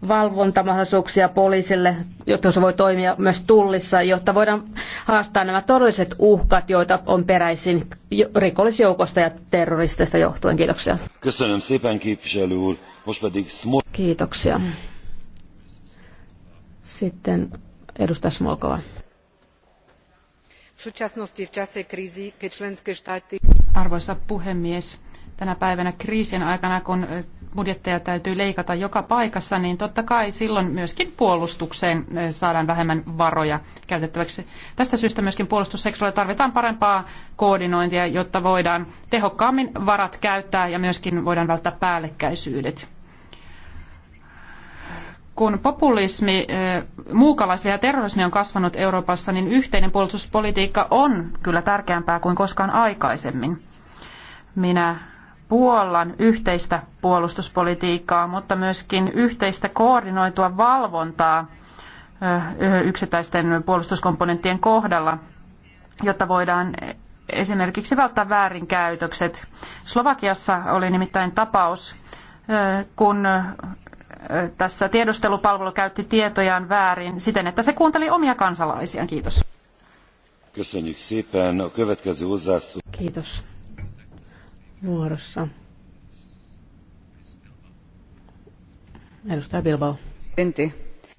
valvontamahdollisuuksia poliisille, jotta se voi toimia myös tullissa, jotta voidaan haastaa nämä todelliset uhkat, joita on peräisin rikollisjoukosta ja terroristeista johtuen. Kiitoksia. Kiitoksia. Sitten edustaja Smolkova. Arvoisa puhemies, tänä päivänä kriisin aikana, kun eh, budjetteja täytyy leikata joka paikassa, niin totta kai silloin myöskin puolustukseen eh, saadaan vähemmän varoja käytettäväksi. Tästä syystä myöskin puolustussektorilla tarvitaan parempaa koordinointia, jotta voidaan tehokkaammin varat käyttää ja myöskin voidaan välttää päällekkäisyydet kun populismi, muukalaisvi ja terrorismi on kasvanut Euroopassa, niin yhteinen puolustuspolitiikka on kyllä tärkeämpää kuin koskaan aikaisemmin. Minä puollan yhteistä puolustuspolitiikkaa, mutta myöskin yhteistä koordinoitua valvontaa yksittäisten puolustuskomponenttien kohdalla, jotta voidaan esimerkiksi välttää väärinkäytökset. Slovakiassa oli nimittäin tapaus, kun tässä tiedustelupalvelu käytti tietojaan väärin siten, että se kuunteli omia kansalaisiaan. Kiitos. Kiitos. Vuorossa. Edustaja Bilbao.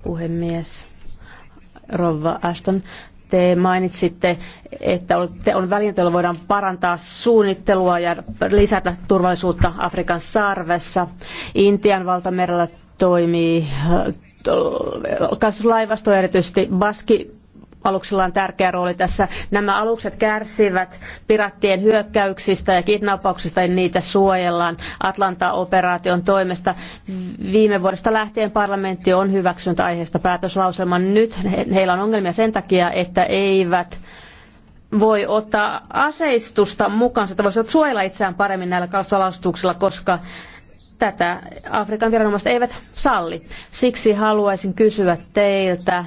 Puhemies. Rouva Ashton. te mainitsitte, että on välineitä, joilla voidaan parantaa suunnittelua ja lisätä turvallisuutta Afrikan sarvessa. Intian valtamerellä toimii kasvuslaivasto erityisesti Baski aluksilla on tärkeä rooli tässä. Nämä alukset kärsivät pirattien hyökkäyksistä ja kidnappauksista ja niin niitä suojellaan Atlanta-operaation toimesta. Viime vuodesta lähtien parlamentti on hyväksynyt aiheesta päätöslauselman. Nyt heillä on ongelmia sen takia, että eivät voi ottaa aseistusta mukaan, että voisivat suojella itseään paremmin näillä kasvalaustuksilla, koska Tätä Afrikan viranomaiset eivät salli. Siksi haluaisin kysyä teiltä,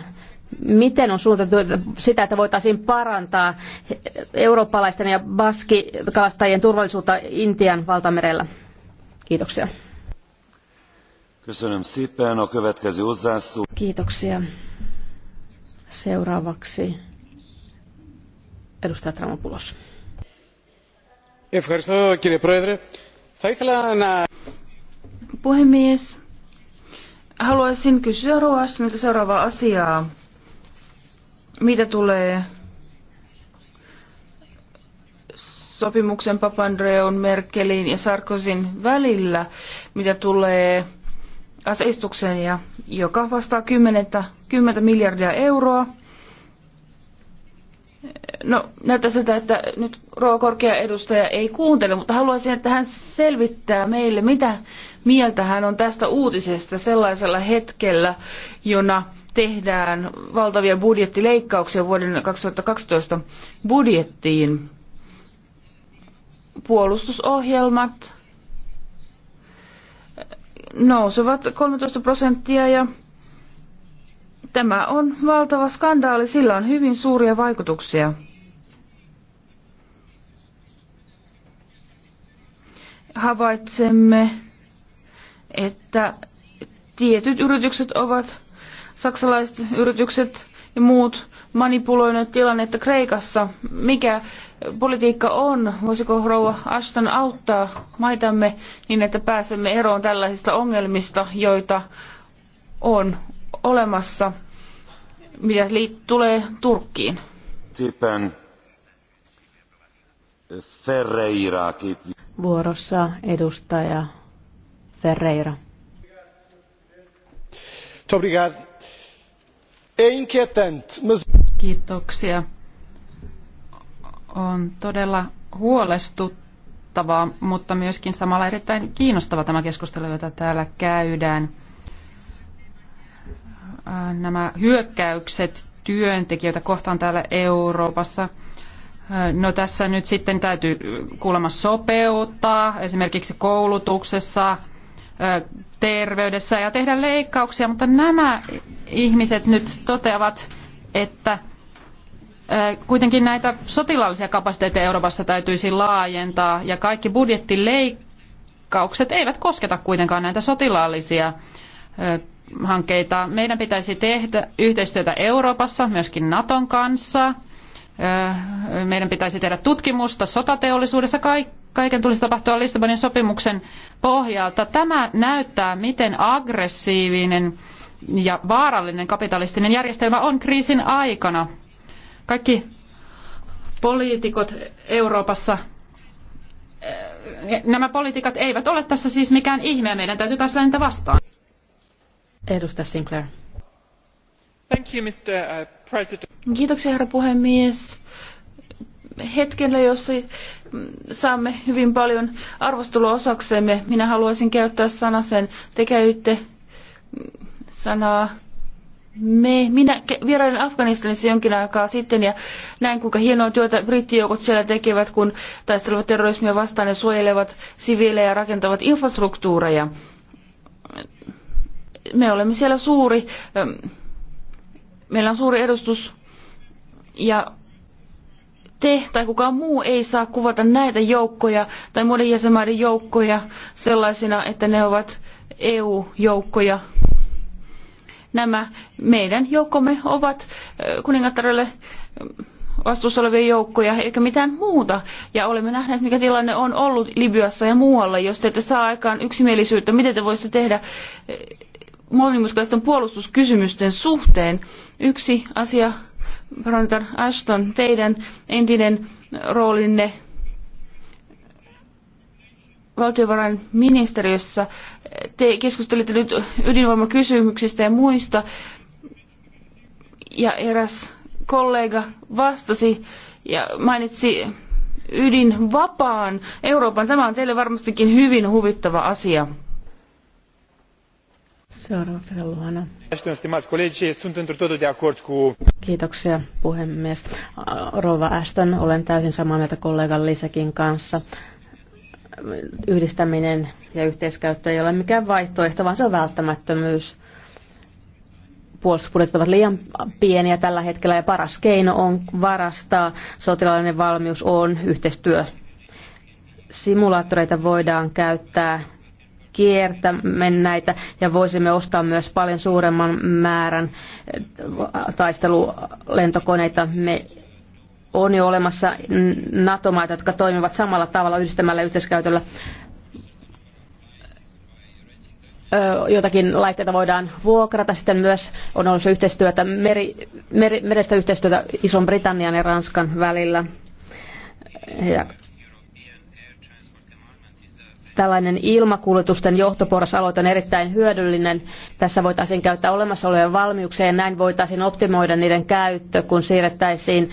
miten on suunniteltu sitä, että voitaisiin parantaa eurooppalaisten ja baskikalastajien turvallisuutta Intian valtamerellä? Kiitoksia. Kiitoksia. Seuraavaksi edustaja Tramopulos. Puhemies, haluaisin kysyä Roasmilta seuraavaa asiaa. Mitä tulee sopimuksen Papandreon, Merkelin ja Sarkozyn välillä, mitä tulee aseistukseen, ja joka vastaa 10, 10 miljardia euroa. No, näyttää siltä, että nyt Roo korkea edustaja ei kuuntele, mutta haluaisin, että hän selvittää meille, mitä mieltä hän on tästä uutisesta sellaisella hetkellä, jona tehdään valtavia budjettileikkauksia vuoden 2012 budjettiin. Puolustusohjelmat nousevat 13 prosenttia ja tämä on valtava skandaali, sillä on hyvin suuria vaikutuksia. Havaitsemme että tietyt yritykset ovat, saksalaiset yritykset ja muut, manipuloineet tilannetta Kreikassa. Mikä politiikka on? Voisiko rouva Ashton auttaa maitamme niin, että pääsemme eroon tällaisista ongelmista, joita on olemassa, mitä tulee Turkkiin? Sipen. Eh, Ferreira. Vuorossa edustaja on todella huolestuttavaa, mutta myöskin samalla erittäin kiinnostava tämä keskustelu, jota täällä käydään. Nämä hyökkäykset työntekijöitä kohtaan täällä Euroopassa. No tässä nyt sitten täytyy kuulemma sopeuttaa esimerkiksi koulutuksessa, terveydessä ja tehdä leikkauksia, mutta nämä ihmiset nyt toteavat, että kuitenkin näitä sotilaallisia kapasiteetteja Euroopassa täytyisi laajentaa ja kaikki budjettileikkaukset eivät kosketa kuitenkaan näitä sotilaallisia hankkeita. Meidän pitäisi tehdä yhteistyötä Euroopassa, myöskin Naton kanssa – meidän pitäisi tehdä tutkimusta sotateollisuudessa, kaiken tulisi tapahtua Lissabonin sopimuksen pohjalta. Tämä näyttää, miten aggressiivinen ja vaarallinen kapitalistinen järjestelmä on kriisin aikana. Kaikki poliitikot Euroopassa nämä poliitikat eivät ole tässä siis mikään ihme ja meidän täytyy taas lentää vastaan. Edustaja Sinclair. Uh, Kiitoksia, herra puhemies. Hetkellä, jossa saamme hyvin paljon arvostelua osaksemme, minä haluaisin käyttää sanasen, te käytte sanaa me, minä vierailin Afganistanissa jonkin aikaa sitten ja näin kuinka hienoa työtä brittijoukot siellä tekevät, kun taistelevat terrorismia vastaan ja suojelevat siviilejä ja rakentavat infrastruktuureja. Me olemme siellä suuri ähm, meillä on suuri edustus ja te tai kukaan muu ei saa kuvata näitä joukkoja tai muiden jäsenmaiden joukkoja sellaisina, että ne ovat EU-joukkoja. Nämä meidän joukkomme ovat äh, kuningattarelle vastuussa olevia joukkoja eikä mitään muuta. Ja olemme nähneet, mikä tilanne on ollut Libyassa ja muualla. Jos te ette saa aikaan yksimielisyyttä, miten te voisitte tehdä äh, monimutkaisten puolustuskysymysten suhteen. Yksi asia, Bronitar Ashton, teidän entinen roolinne valtiovarainministeriössä. Te keskustelitte nyt ydinvoimakysymyksistä ja muista, ja eräs kollega vastasi ja mainitsi ydinvapaan Euroopan. Tämä on teille varmastikin hyvin huvittava asia. Seuraavana Kiitoksia puhemies. Rova Ashton, olen täysin samaa mieltä kollegan Lisäkin kanssa. Yhdistäminen ja yhteiskäyttö ei ole mikään vaihtoehto, vaan se on välttämättömyys. Puolustusbudjetit ovat liian pieniä tällä hetkellä ja paras keino on varastaa. Sotilaallinen valmius on yhteistyö. Simulaattoreita voidaan käyttää kiertämme näitä ja voisimme ostaa myös paljon suuremman määrän eh, taistelulentokoneita. Me on jo olemassa NATO-maita, jotka toimivat samalla tavalla yhdistämällä yhteiskäytöllä jotakin laitteita voidaan vuokrata. Sitten myös on ollut yhteistyötä, meri, meri, merestä yhteistyötä Ison-Britannian ja Ranskan välillä. Ja Tällainen ilmakuljetusten johtoporrasaloite on erittäin hyödyllinen. Tässä voitaisiin käyttää olemassa olevia valmiuksia ja näin voitaisiin optimoida niiden käyttö, kun siirrettäisiin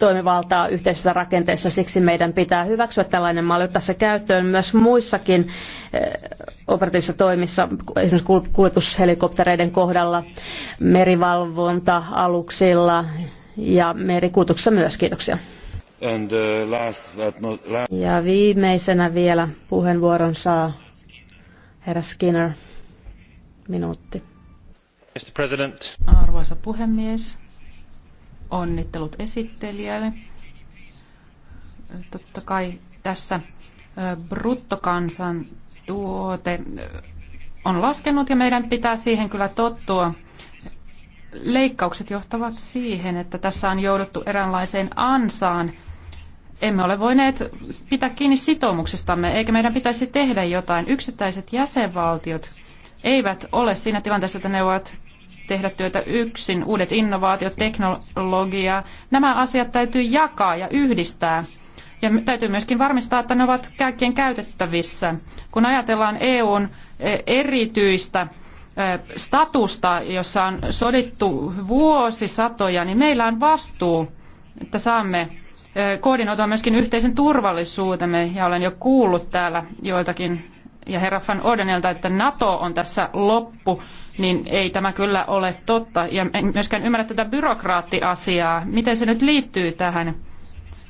toimivaltaa yhteisessä rakenteessa. Siksi meidän pitää hyväksyä tällainen malli, ottaa se käyttöön myös muissakin eh, operatiivisissa toimissa, esimerkiksi kuljetushelikoptereiden kohdalla, merivalvonta aluksilla ja merikulutuksessa myös. Kiitoksia. And, uh, last, not, last... Ja viimeisenä vielä puheenvuoron saa herra Skinner. Minuutti. Mr. President. Arvoisa puhemies, onnittelut esittelijälle. Totta kai tässä bruttokansan tuote on laskenut ja meidän pitää siihen kyllä tottua. Leikkaukset johtavat siihen, että tässä on jouduttu eräänlaiseen ansaan emme ole voineet pitää kiinni sitoumuksestamme, eikä meidän pitäisi tehdä jotain. Yksittäiset jäsenvaltiot eivät ole siinä tilanteessa, että ne ovat tehdä työtä yksin. Uudet innovaatiot, teknologia, nämä asiat täytyy jakaa ja yhdistää. Ja täytyy myöskin varmistaa, että ne ovat kaikkien käytettävissä. Kun ajatellaan EUn e, erityistä e, statusta, jossa on sodittu vuosisatoja, niin meillä on vastuu, että saamme koordinoitua myöskin yhteisen turvallisuutemme, ja olen jo kuullut täällä joiltakin ja herra Van Ordenilta, että NATO on tässä loppu, niin ei tämä kyllä ole totta. Ja en myöskään ymmärrä tätä byrokraattiasiaa. Miten se nyt liittyy tähän?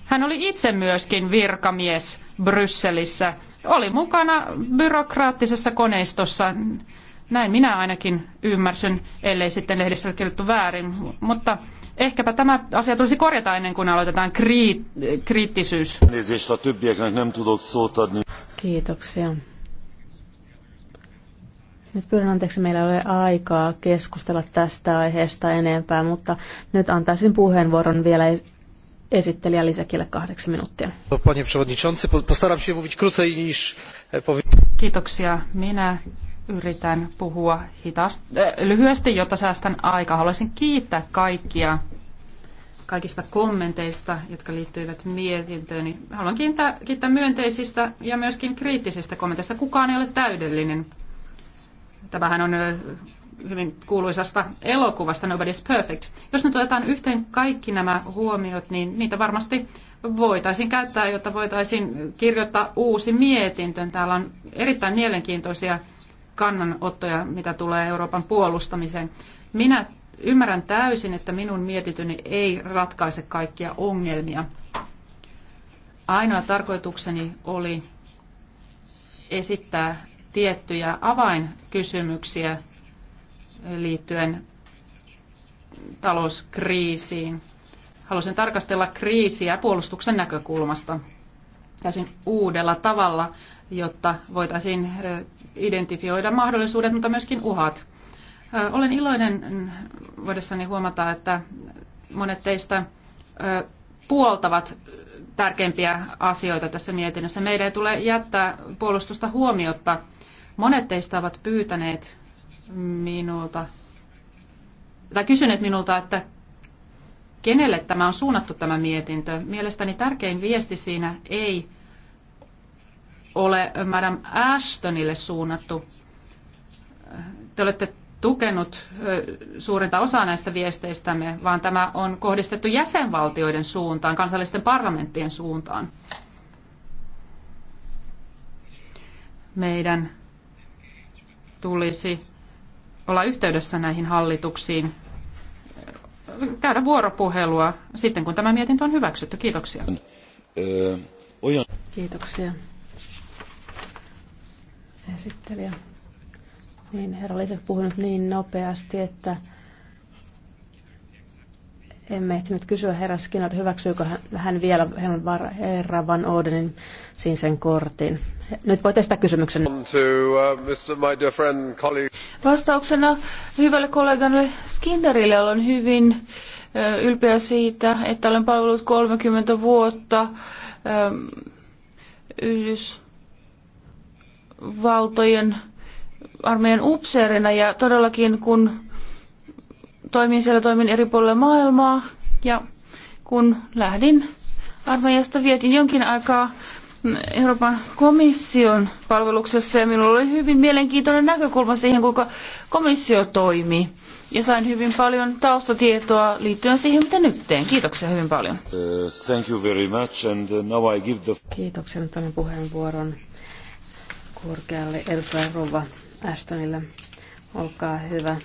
Hän oli itse myöskin virkamies Brysselissä. Oli mukana byrokraattisessa koneistossa. Näin minä ainakin ymmärsin, ellei sitten lehdissä kirjoittu väärin. Mutta ehkäpä tämä asia tulisi korjata ennen kuin aloitetaan kriit- kriittisyys. Kiitoksia. Nyt pyydän anteeksi, meillä ei ole aikaa keskustella tästä aiheesta enempää, mutta nyt antaisin puheenvuoron vielä esittelijä Lisäkille kahdeksi minuuttia. Panie przewodniczący, postaram się mówić krócej niż e, Kiitoksia. Minä Yritän puhua hitaasti, äh, lyhyesti, jotta säästän aikaa. Haluaisin kiittää kaikkia kaikista kommenteista, jotka liittyivät mietintöön. Niin haluan kiittää, kiittää myönteisistä ja myöskin kriittisistä kommenteista. Kukaan ei ole täydellinen. Tämähän on hyvin kuuluisasta elokuvasta Nobody's Perfect. Jos nyt otetaan yhteen kaikki nämä huomiot, niin niitä varmasti voitaisiin käyttää, jotta voitaisiin kirjoittaa uusi mietintö. Täällä on erittäin mielenkiintoisia kannanottoja, mitä tulee Euroopan puolustamiseen. Minä ymmärrän täysin, että minun mietityni ei ratkaise kaikkia ongelmia. Ainoa tarkoitukseni oli esittää tiettyjä avainkysymyksiä liittyen talouskriisiin. Halusin tarkastella kriisiä puolustuksen näkökulmasta täysin uudella tavalla jotta voitaisiin identifioida mahdollisuudet, mutta myöskin uhat. Olen iloinen voidessani huomata, että monet teistä puoltavat tärkeimpiä asioita tässä mietinnössä. Meidän ei tule jättää puolustusta huomiotta. Monet teistä ovat pyytäneet minulta, tai kysyneet minulta, että kenelle tämä on suunnattu tämä mietintö. Mielestäni tärkein viesti siinä ei ole Madam Ashtonille suunnattu. Te olette tukenut suurinta osaa näistä viesteistämme, vaan tämä on kohdistettu jäsenvaltioiden suuntaan, kansallisten parlamenttien suuntaan. Meidän tulisi olla yhteydessä näihin hallituksiin, käydä vuoropuhelua sitten, kun tämä mietintö on hyväksytty. Kiitoksia. Kiitoksia esittelijä. Niin, herra oli puhunut niin nopeasti, että emme ehtineet kysyä herra Skinnalta, hyväksyykö hän vielä herra Van Odenin sinisen kortin. Nyt voi estää kysymyksen. Uh, Vastauksena hyvälle kollegalle Skinnerille olen hyvin ylpeä siitä, että olen palvellut 30 vuotta Yhdys valtojen armeijan upseerina ja todellakin kun toimin siellä, toimin eri puolilla maailmaa ja kun lähdin armeijasta, vietin jonkin aikaa Euroopan komission palveluksessa ja minulla oli hyvin mielenkiintoinen näkökulma siihen, kuinka komissio toimii. Ja sain hyvin paljon taustatietoa liittyen siihen, mitä nyt teen. Kiitoksia hyvin paljon. Uh, thank you very much and uh, now I give the... Kiitoksia. Nyt annan puheenvuoron korkealle edustaja Rova Ashtonille. Olkaa hyvä.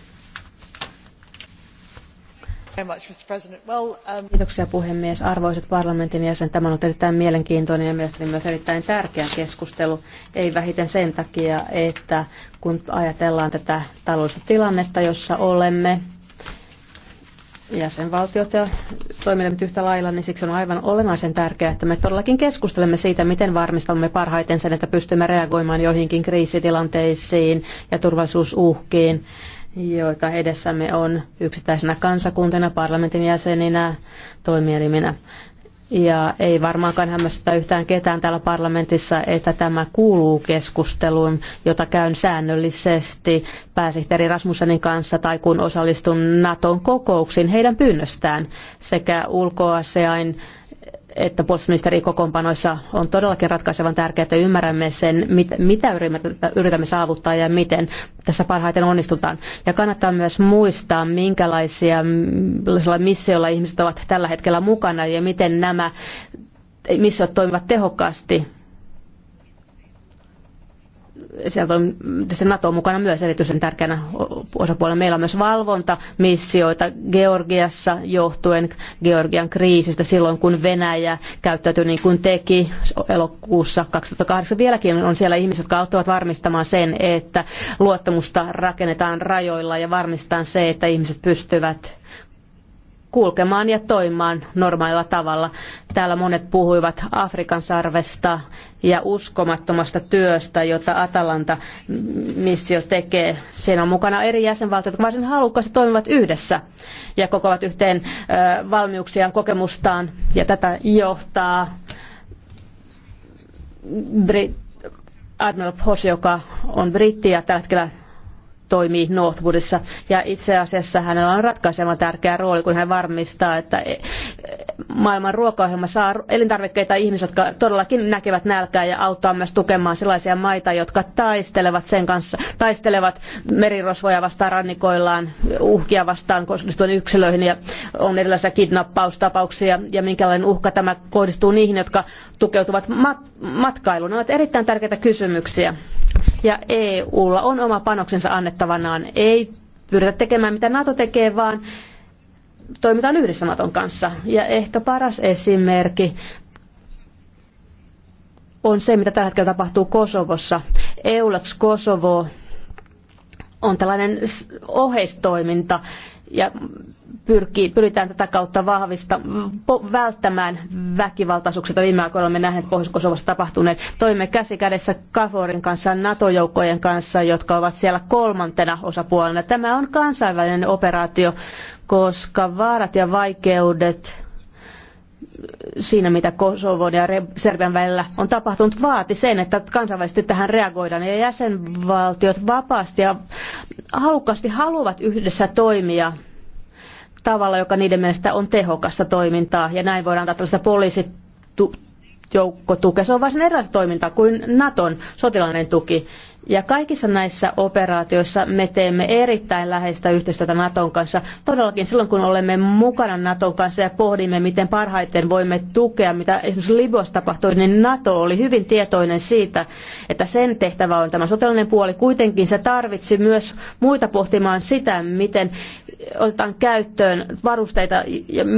Um, Kiitoksia puhemies. Arvoisat parlamentin jäsen tämä on ollut erittäin mielenkiintoinen ja mielestäni myös erittäin tärkeä keskustelu. Ei vähiten sen takia, että kun ajatellaan tätä taloudellista tilannetta, jossa olemme, jäsenvaltiot ja toimimme yhtä lailla, niin siksi on aivan olennaisen tärkeää, että me todellakin keskustelemme siitä, miten varmistamme parhaiten sen, että pystymme reagoimaan joihinkin kriisitilanteisiin ja turvallisuusuhkiin, joita edessämme on yksittäisenä kansakuntana, parlamentin jäseninä, toimielimenä. Ja ei varmaankaan hämmästytä yhtään ketään täällä parlamentissa, että tämä kuuluu keskusteluun, jota käyn säännöllisesti pääsihteeri Rasmussenin kanssa tai kun osallistun Naton kokouksiin heidän pyynnöstään sekä ulkoasiain että puolustusministerikokoonpanoissa on todellakin ratkaisevan tärkeää, että ymmärrämme sen, mitä yritämme saavuttaa ja miten tässä parhaiten onnistutaan. Ja kannattaa myös muistaa, minkälaisia missioilla ihmiset ovat tällä hetkellä mukana ja miten nämä missä toimivat tehokkaasti sieltä on tietysti NATO mukana myös erityisen tärkeänä osapuolena. Meillä on myös valvontamissioita Georgiassa johtuen Georgian kriisistä silloin, kun Venäjä käyttäytyi niin kuin teki elokuussa 2008. Vieläkin on siellä ihmiset, jotka auttavat varmistamaan sen, että luottamusta rakennetaan rajoilla ja varmistetaan se, että ihmiset pystyvät kulkemaan ja toimimaan normaalilla tavalla. Täällä monet puhuivat Afrikan sarvesta ja uskomattomasta työstä, jota Atalanta-missio tekee. Siinä on mukana eri jäsenvaltiot, jotka varsin halukkaasti toimivat yhdessä ja kokoavat yhteen valmiuksiaan, kokemustaan ja tätä johtaa Brit- Admiral Pos, joka on britti ja tällä hetkellä toimii Northwoodissa. Ja itse asiassa hänellä on ratkaisema tärkeä rooli, kun hän varmistaa, että maailman ruokaohjelma saa elintarvikkeita ihmiset, jotka todellakin näkevät nälkää ja auttaa myös tukemaan sellaisia maita, jotka taistelevat sen kanssa, taistelevat merirosvoja vastaan rannikoillaan, uhkia vastaan kohdistuen yksilöihin ja on erilaisia kidnappaustapauksia ja minkälainen uhka tämä kohdistuu niihin, jotka tukeutuvat mat- matkailuun. Ne ovat erittäin tärkeitä kysymyksiä ja EUlla on oma panoksensa annettavanaan. Ei pyritä tekemään mitä NATO tekee, vaan toimitaan yhdessä Naton kanssa. Ja ehkä paras esimerkki on se, mitä tällä hetkellä tapahtuu Kosovossa. EULEX Kosovo on tällainen oheistoiminta ja pyrkii, pyritään tätä kautta vahvista, po, välttämään väkivaltaisuuksia. Viime aikoina olemme nähneet Pohjois-Kosovassa tapahtuneet. Toimme käsi kädessä Kaforin kanssa, NATO-joukkojen kanssa, jotka ovat siellä kolmantena osapuolena. Tämä on kansainvälinen operaatio, koska vaarat ja vaikeudet siinä, mitä Kosovon ja Serbian välillä on tapahtunut, vaati sen, että kansainvälisesti tähän reagoidaan. Ja jäsenvaltiot vapaasti ja halukkaasti haluavat yhdessä toimia tavalla, joka niiden mielestä on tehokasta toimintaa. Ja näin voidaan antaa tällaista poliisijoukkotukea. Se on varsin erilaista toimintaa kuin Naton sotilainen tuki. Ja kaikissa näissä operaatioissa me teemme erittäin läheistä yhteistyötä Naton kanssa. Todellakin silloin, kun olemme mukana Naton kanssa ja pohdimme, miten parhaiten voimme tukea, mitä esimerkiksi Libyassa tapahtui, niin Nato oli hyvin tietoinen siitä, että sen tehtävä on tämä sotilainen puoli. Kuitenkin se tarvitsi myös muita pohtimaan sitä, miten otetaan käyttöön varusteita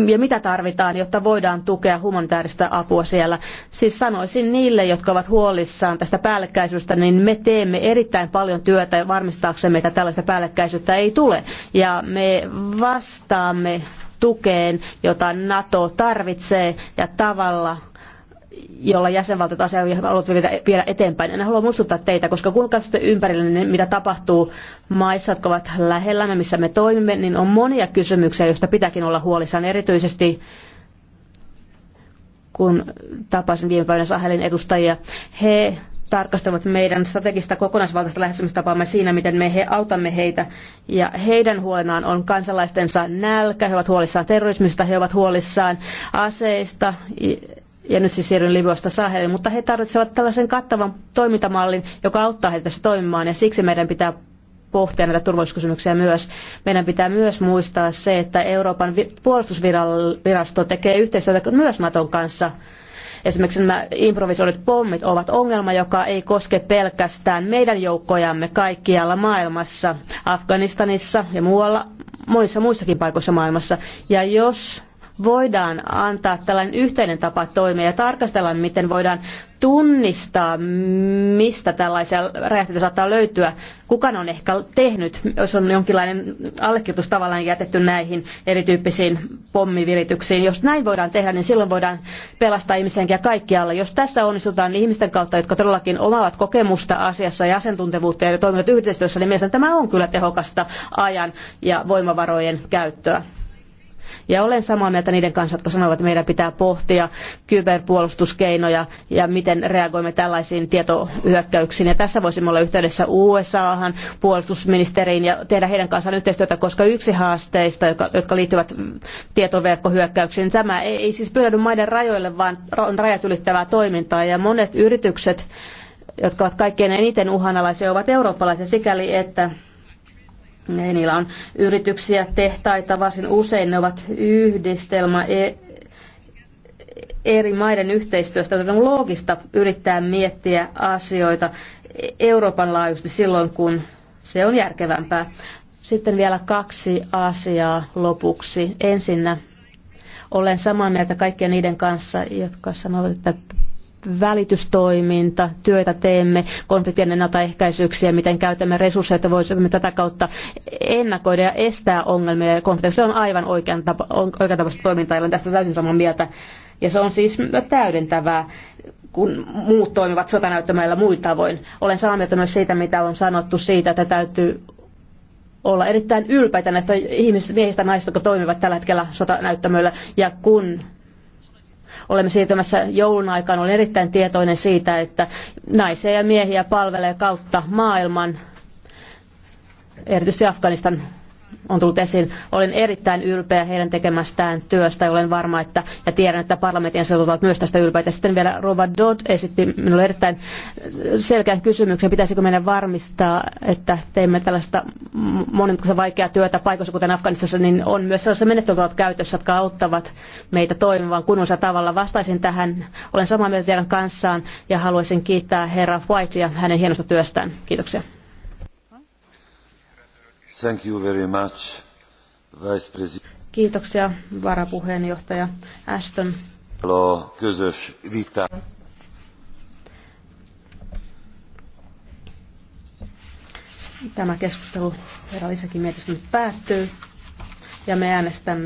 ja, mitä tarvitaan, jotta voidaan tukea humanitaarista apua siellä. Siis sanoisin niille, jotka ovat huolissaan tästä päällekkäisyydestä, niin me teemme teemme erittäin paljon työtä varmistaaksemme, että tällaista päällekkäisyyttä ei tule. Ja me vastaamme tukeen, jota NATO tarvitsee ja tavalla, jolla jäsenvaltiot asiaa haluavat viedä eteenpäin. En halua muistuttaa teitä, koska kun katsotte ympärille, niin mitä tapahtuu maissa, jotka ovat lähellämme, missä me toimimme, niin on monia kysymyksiä, joista pitääkin olla huolissaan. Erityisesti kun tapasin viime päivänä Sahelin edustajia, he tarkastelevat meidän strategista kokonaisvaltaista lähestymistapaamme siinä, miten me he, autamme heitä. Ja heidän huolenaan on kansalaistensa nälkä, he ovat huolissaan terrorismista, he ovat huolissaan aseista, ja nyt siis siirryn Libyasta Sahelin, mutta he tarvitsevat tällaisen kattavan toimintamallin, joka auttaa heitä tässä toimimaan, ja siksi meidän pitää pohtia näitä turvallisuuskysymyksiä myös. Meidän pitää myös muistaa se, että Euroopan puolustusvirasto tekee yhteistyötä myös Naton kanssa – Esimerkiksi nämä improvisoidut pommit ovat ongelma, joka ei koske pelkästään meidän joukkojamme kaikkialla maailmassa, Afganistanissa ja muualla, monissa muissakin paikoissa maailmassa. Ja jos voidaan antaa tällainen yhteinen tapa toimia ja tarkastella, miten voidaan tunnistaa, mistä tällaisia räjähteitä saattaa löytyä. ne on ehkä tehnyt, jos on jonkinlainen allekirjoitus tavallaan jätetty näihin erityyppisiin pommivirityksiin. Jos näin voidaan tehdä, niin silloin voidaan pelastaa ihmisenkiä kaikkialla. Jos tässä onnistutaan niin ihmisten kautta, jotka todellakin omaavat kokemusta asiassa ja asiantuntevuutta ja toimivat yhteistyössä, niin mielestäni tämä on kyllä tehokasta ajan ja voimavarojen käyttöä. Ja olen samaa mieltä niiden kanssa, jotka sanovat, että meidän pitää pohtia kyberpuolustuskeinoja ja miten reagoimme tällaisiin tietohyökkäyksiin. Ja tässä voisimme olla yhteydessä USAhan, puolustusministeriin ja tehdä heidän kanssaan yhteistyötä, koska yksi haasteista, jotka liittyvät tietoverkkohyökkäyksiin, niin tämä ei siis pyydä maiden rajoille, vaan on rajat ylittävää toimintaa. Ja monet yritykset, jotka ovat kaikkein eniten uhanalaisia, ovat eurooppalaisia sikäli, että Niillä on yrityksiä, tehtaita, varsin usein ne ovat yhdistelmä e, eri maiden yhteistyöstä. On loogista yrittää miettiä asioita Euroopan laajuisesti silloin, kun se on järkevämpää. Sitten vielä kaksi asiaa lopuksi. Ensinnä olen samaa mieltä kaikkien niiden kanssa, jotka sanovat, että välitystoiminta, työtä teemme, konfliktien ennaltaehkäisyyksiä, miten käytämme resursseja, että voisimme tätä kautta ennakoida ja estää ongelmia. Ja konflikti on aivan oikean tapa, oikean tapaista toimintaa, ja olen tästä täysin samaa mieltä. Ja se on siis täydentävää, kun muut toimivat sotanäyttämällä muita tavoin. Olen samaa mieltä myös siitä, mitä on sanottu siitä, että täytyy olla erittäin ylpeitä näistä ihmisistä, miehistä ja naisista, jotka toimivat tällä hetkellä sotanäyttämöllä. Ja kun olemme siirtymässä joulun aikaan. Olen erittäin tietoinen siitä, että naisia ja miehiä palvelee kautta maailman, erityisesti Afganistan on tullut esiin. Olen erittäin ylpeä heidän tekemästään työstä ja olen varma, että ja tiedän, että parlamentin ovat myös tästä ylpeitä. Sitten vielä Rova Dodd esitti minulle erittäin selkeän kysymyksen, pitäisikö meidän varmistaa, että teemme tällaista monimutkaista vaikeaa työtä paikoissa, kuten Afganistassa, niin on myös sellaisia menettelytavat käytössä, jotka auttavat meitä toimimaan kunnollisella tavalla. Vastaisin tähän, olen samaa mieltä teidän kanssaan ja haluaisin kiittää herra Whitea hänen hienosta työstään. Kiitoksia. Thank you very much, Kiitoksia varapuheenjohtaja Ashton. Közös vita. Tämä keskustelu herra Lisäkin mietinnön päättyy ja me äänestämme